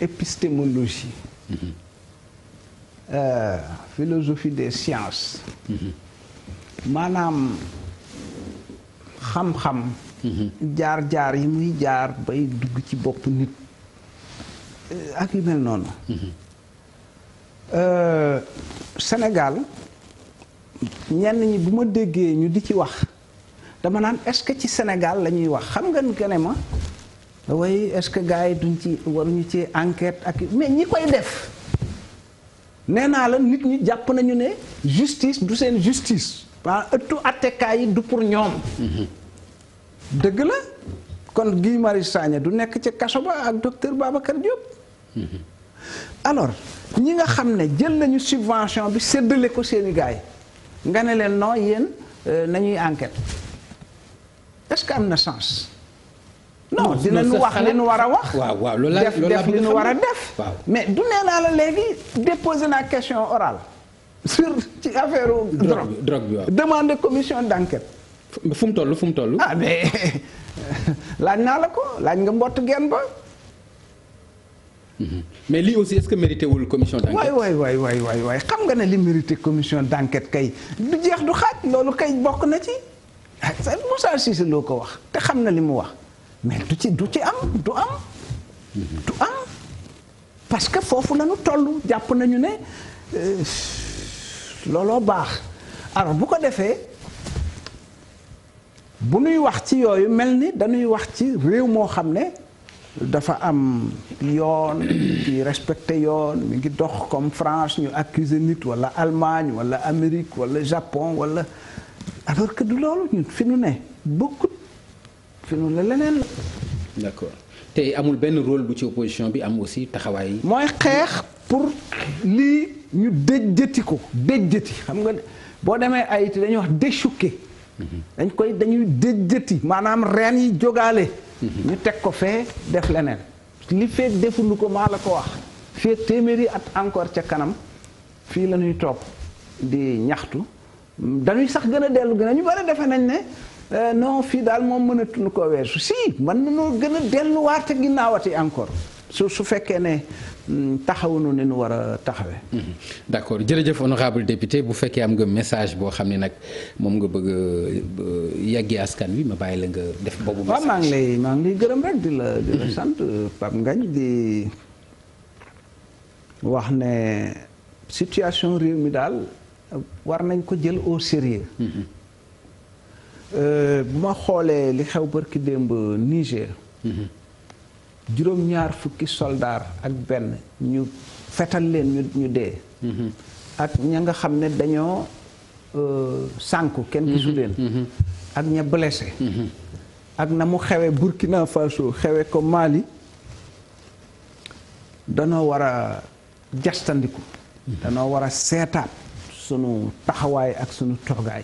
épistémologie euh, philosophie des sciences maanaam xam-xam jaar-jaar yi muy jaar bay dugg ci bopp nit euh, ak yu mel noonu euh, Sénégal ñenn ñi bu ma déggee ñu di ci wax dama naan est-ce que ci Sénégal la ñuy wax xam nga que ne ma way est-ce gars yi duñ ci ñu ci enquête ak mais ñi koy def nee naa la nit ñi jàpp nañu ne justice du seen justice. waa ëttu attekaay yi du pour ñoom. Mm-hmm. dëgg la kon Guy Marius Sagna du nekk ci kaso ba ak docteur Babacar Diop. Mm-hmm. alors ñi nga xam ne jël nañu subvention bi séddale ko seeni gars yi nga ne leen non yéen euh, nañuy enquête est-ce que am na sens. non dinañu wax li nu war a wax. waaw waaw loolu def def li nu war a def. mais du la léegi déposer naa question orale. sur ci affaire drogue drogue bi waaw. demander commission d'enquête. fu mu toll fu mu toll. ah mais naa la ko laaj nga mbott genn ba. Mhm. mais lii aussi est-ce que mérité wul commission d'enquête. waay waay waay waay waay waay xam nga ne li mérité commission d'enquête kay du jeex du xaaj loolu kay bokk na ci ah Moussa loo ko wax te xam na li mu wax mais du ci du ci am du am. du am parce que foofu la ñu toll jàpp nañu ne euh, looloo baax alors bu ko defee bu nuy wax ci yooyu mel ni dañuy wax ci réew moo xam ne. dafa am yoon ci respecté yoon mi ngi dox comme France ñu accuser nit wala Allemagne wala Amérique wala Japon wala alors que du loolu ñun fi nu ne bokkut fi nu ne leneen la. d'accord te amul benn rôle bu ci opposition bi am aussi taxawaay. mooy xeex pour lii ñu déjjati ko déjjati xam nga boo demee ay Haïti dañuy wax déchouqué. Mhm. dañ koy dañuy déjjati maanaam reen yi jógaale. ñu teg ko fee def leneen li feeg defuñu ko maa la ko wax feeg téeméeri at encore ca kanam fii la ñuy toog di ñaxtu dañuy sax gën a dellu gën a ñu bari defe nañ ne euh, non fii daal moom mënatuñu ko weesu si mën nañoo gën a delluwaat te ginnaawati encore su su fekkee ne mm, taxawunu ni nu war a taxawee. Mhm. d'accord jërëjëf honorable député bu fekkee am nga message boo xam ne nag moom nga bëgg a askan wi ma bàyyi la nga def boobu. message waaw maa ngi maa ngi lay gërëm rek di la mhm. sant Pape Ngagne di wax ne situation réew mi daal war nañ ko jël au sérieux mhm. euh, bu ma xoolee li xew barki démb Niger. juróom-ñaar fukki soldaar ak benn ñu fetal leen ñu dee mhm. ak ña nga xam ne dañoo euh, sànku kenn gisu mhm. leen mhm. ak ña blessé ak na mu xewe Burkina Faso xewe ko maali danoo war a jastandiku danoo war a seetaat sunu taxawaay ak sunu toogaay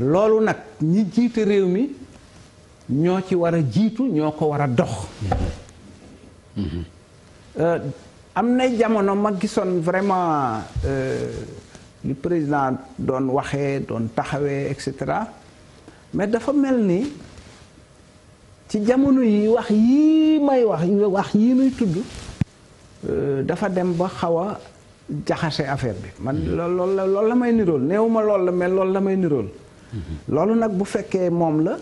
loolu nag ñi jiite réew mi ñoo ci war a jiitu ñoo ko war a dox euh, am nay jamono ma gisoon vraiment euh, li président doon waxee doon taxawee et cetera mais dafa mel ni ci jamono yi wax yii may wax wax yii may tudd euh, dafa dem ba xaw a jaxase affaire bi man mm-hmm. lool lool la may nirool néew lool la mel loolu la may nirool mm-hmm. loolu nag bu fekkee moom la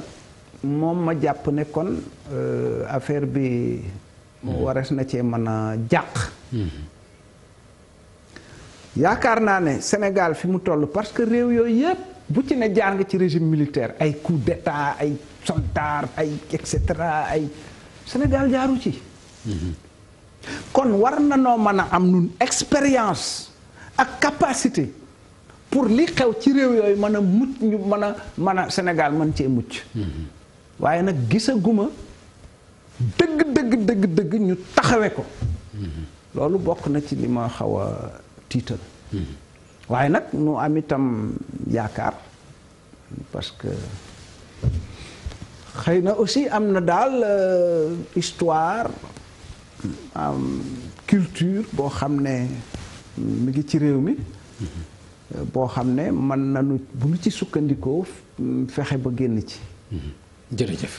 moom ma jàpp ne kon euh, affaire bi warees na cee mën a jàq mm-hmm. yaakaar naa ne Sénégal fi mu toll parce que réew yooyu yëpp bu ci ne jaar nga ci régime militaire ay coup d'état ay soldat ay et cetera ay Sénégal jaaru ci mm-hmm. kon war na noo mën a am nun expérience ak capacité pour li xew ci réew yooyu mën a mucc ñu mën a mën a Sénégal mën cee mucc mm-hmm. waaye nag gisaguma dëgg dëgg dëgg dëgg ñu taxawe ko loolu bokk na ci li ma xaw a tiital waaye nag nu am itam yaakaar parce que xëy na aussi am na daal euh, histoire am culture boo xam ne mi ngi ci réew mi boo xam ne mën nañu bu ñu ci sukkandikoo fexe ba génn ci jërëjëf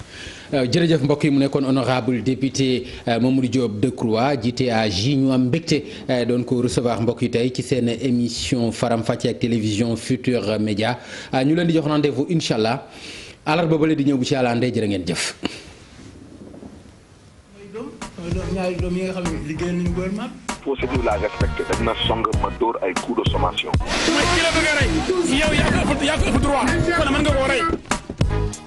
euh, jërëjëf mbokk yi mu nekkoon honorable député euh, Mamadou Diop Decroix jiite AJ ñu am mbégte euh, doon ko recevoir mbokk yi tey ci seen émission faram fàcce ak télévision Futur Média ñu leen di jox rendez-vous incha allah alarba ba di ñëw bu ci yàlla jër jërë ngeen jëf. yi nga xam ne liggéey nañu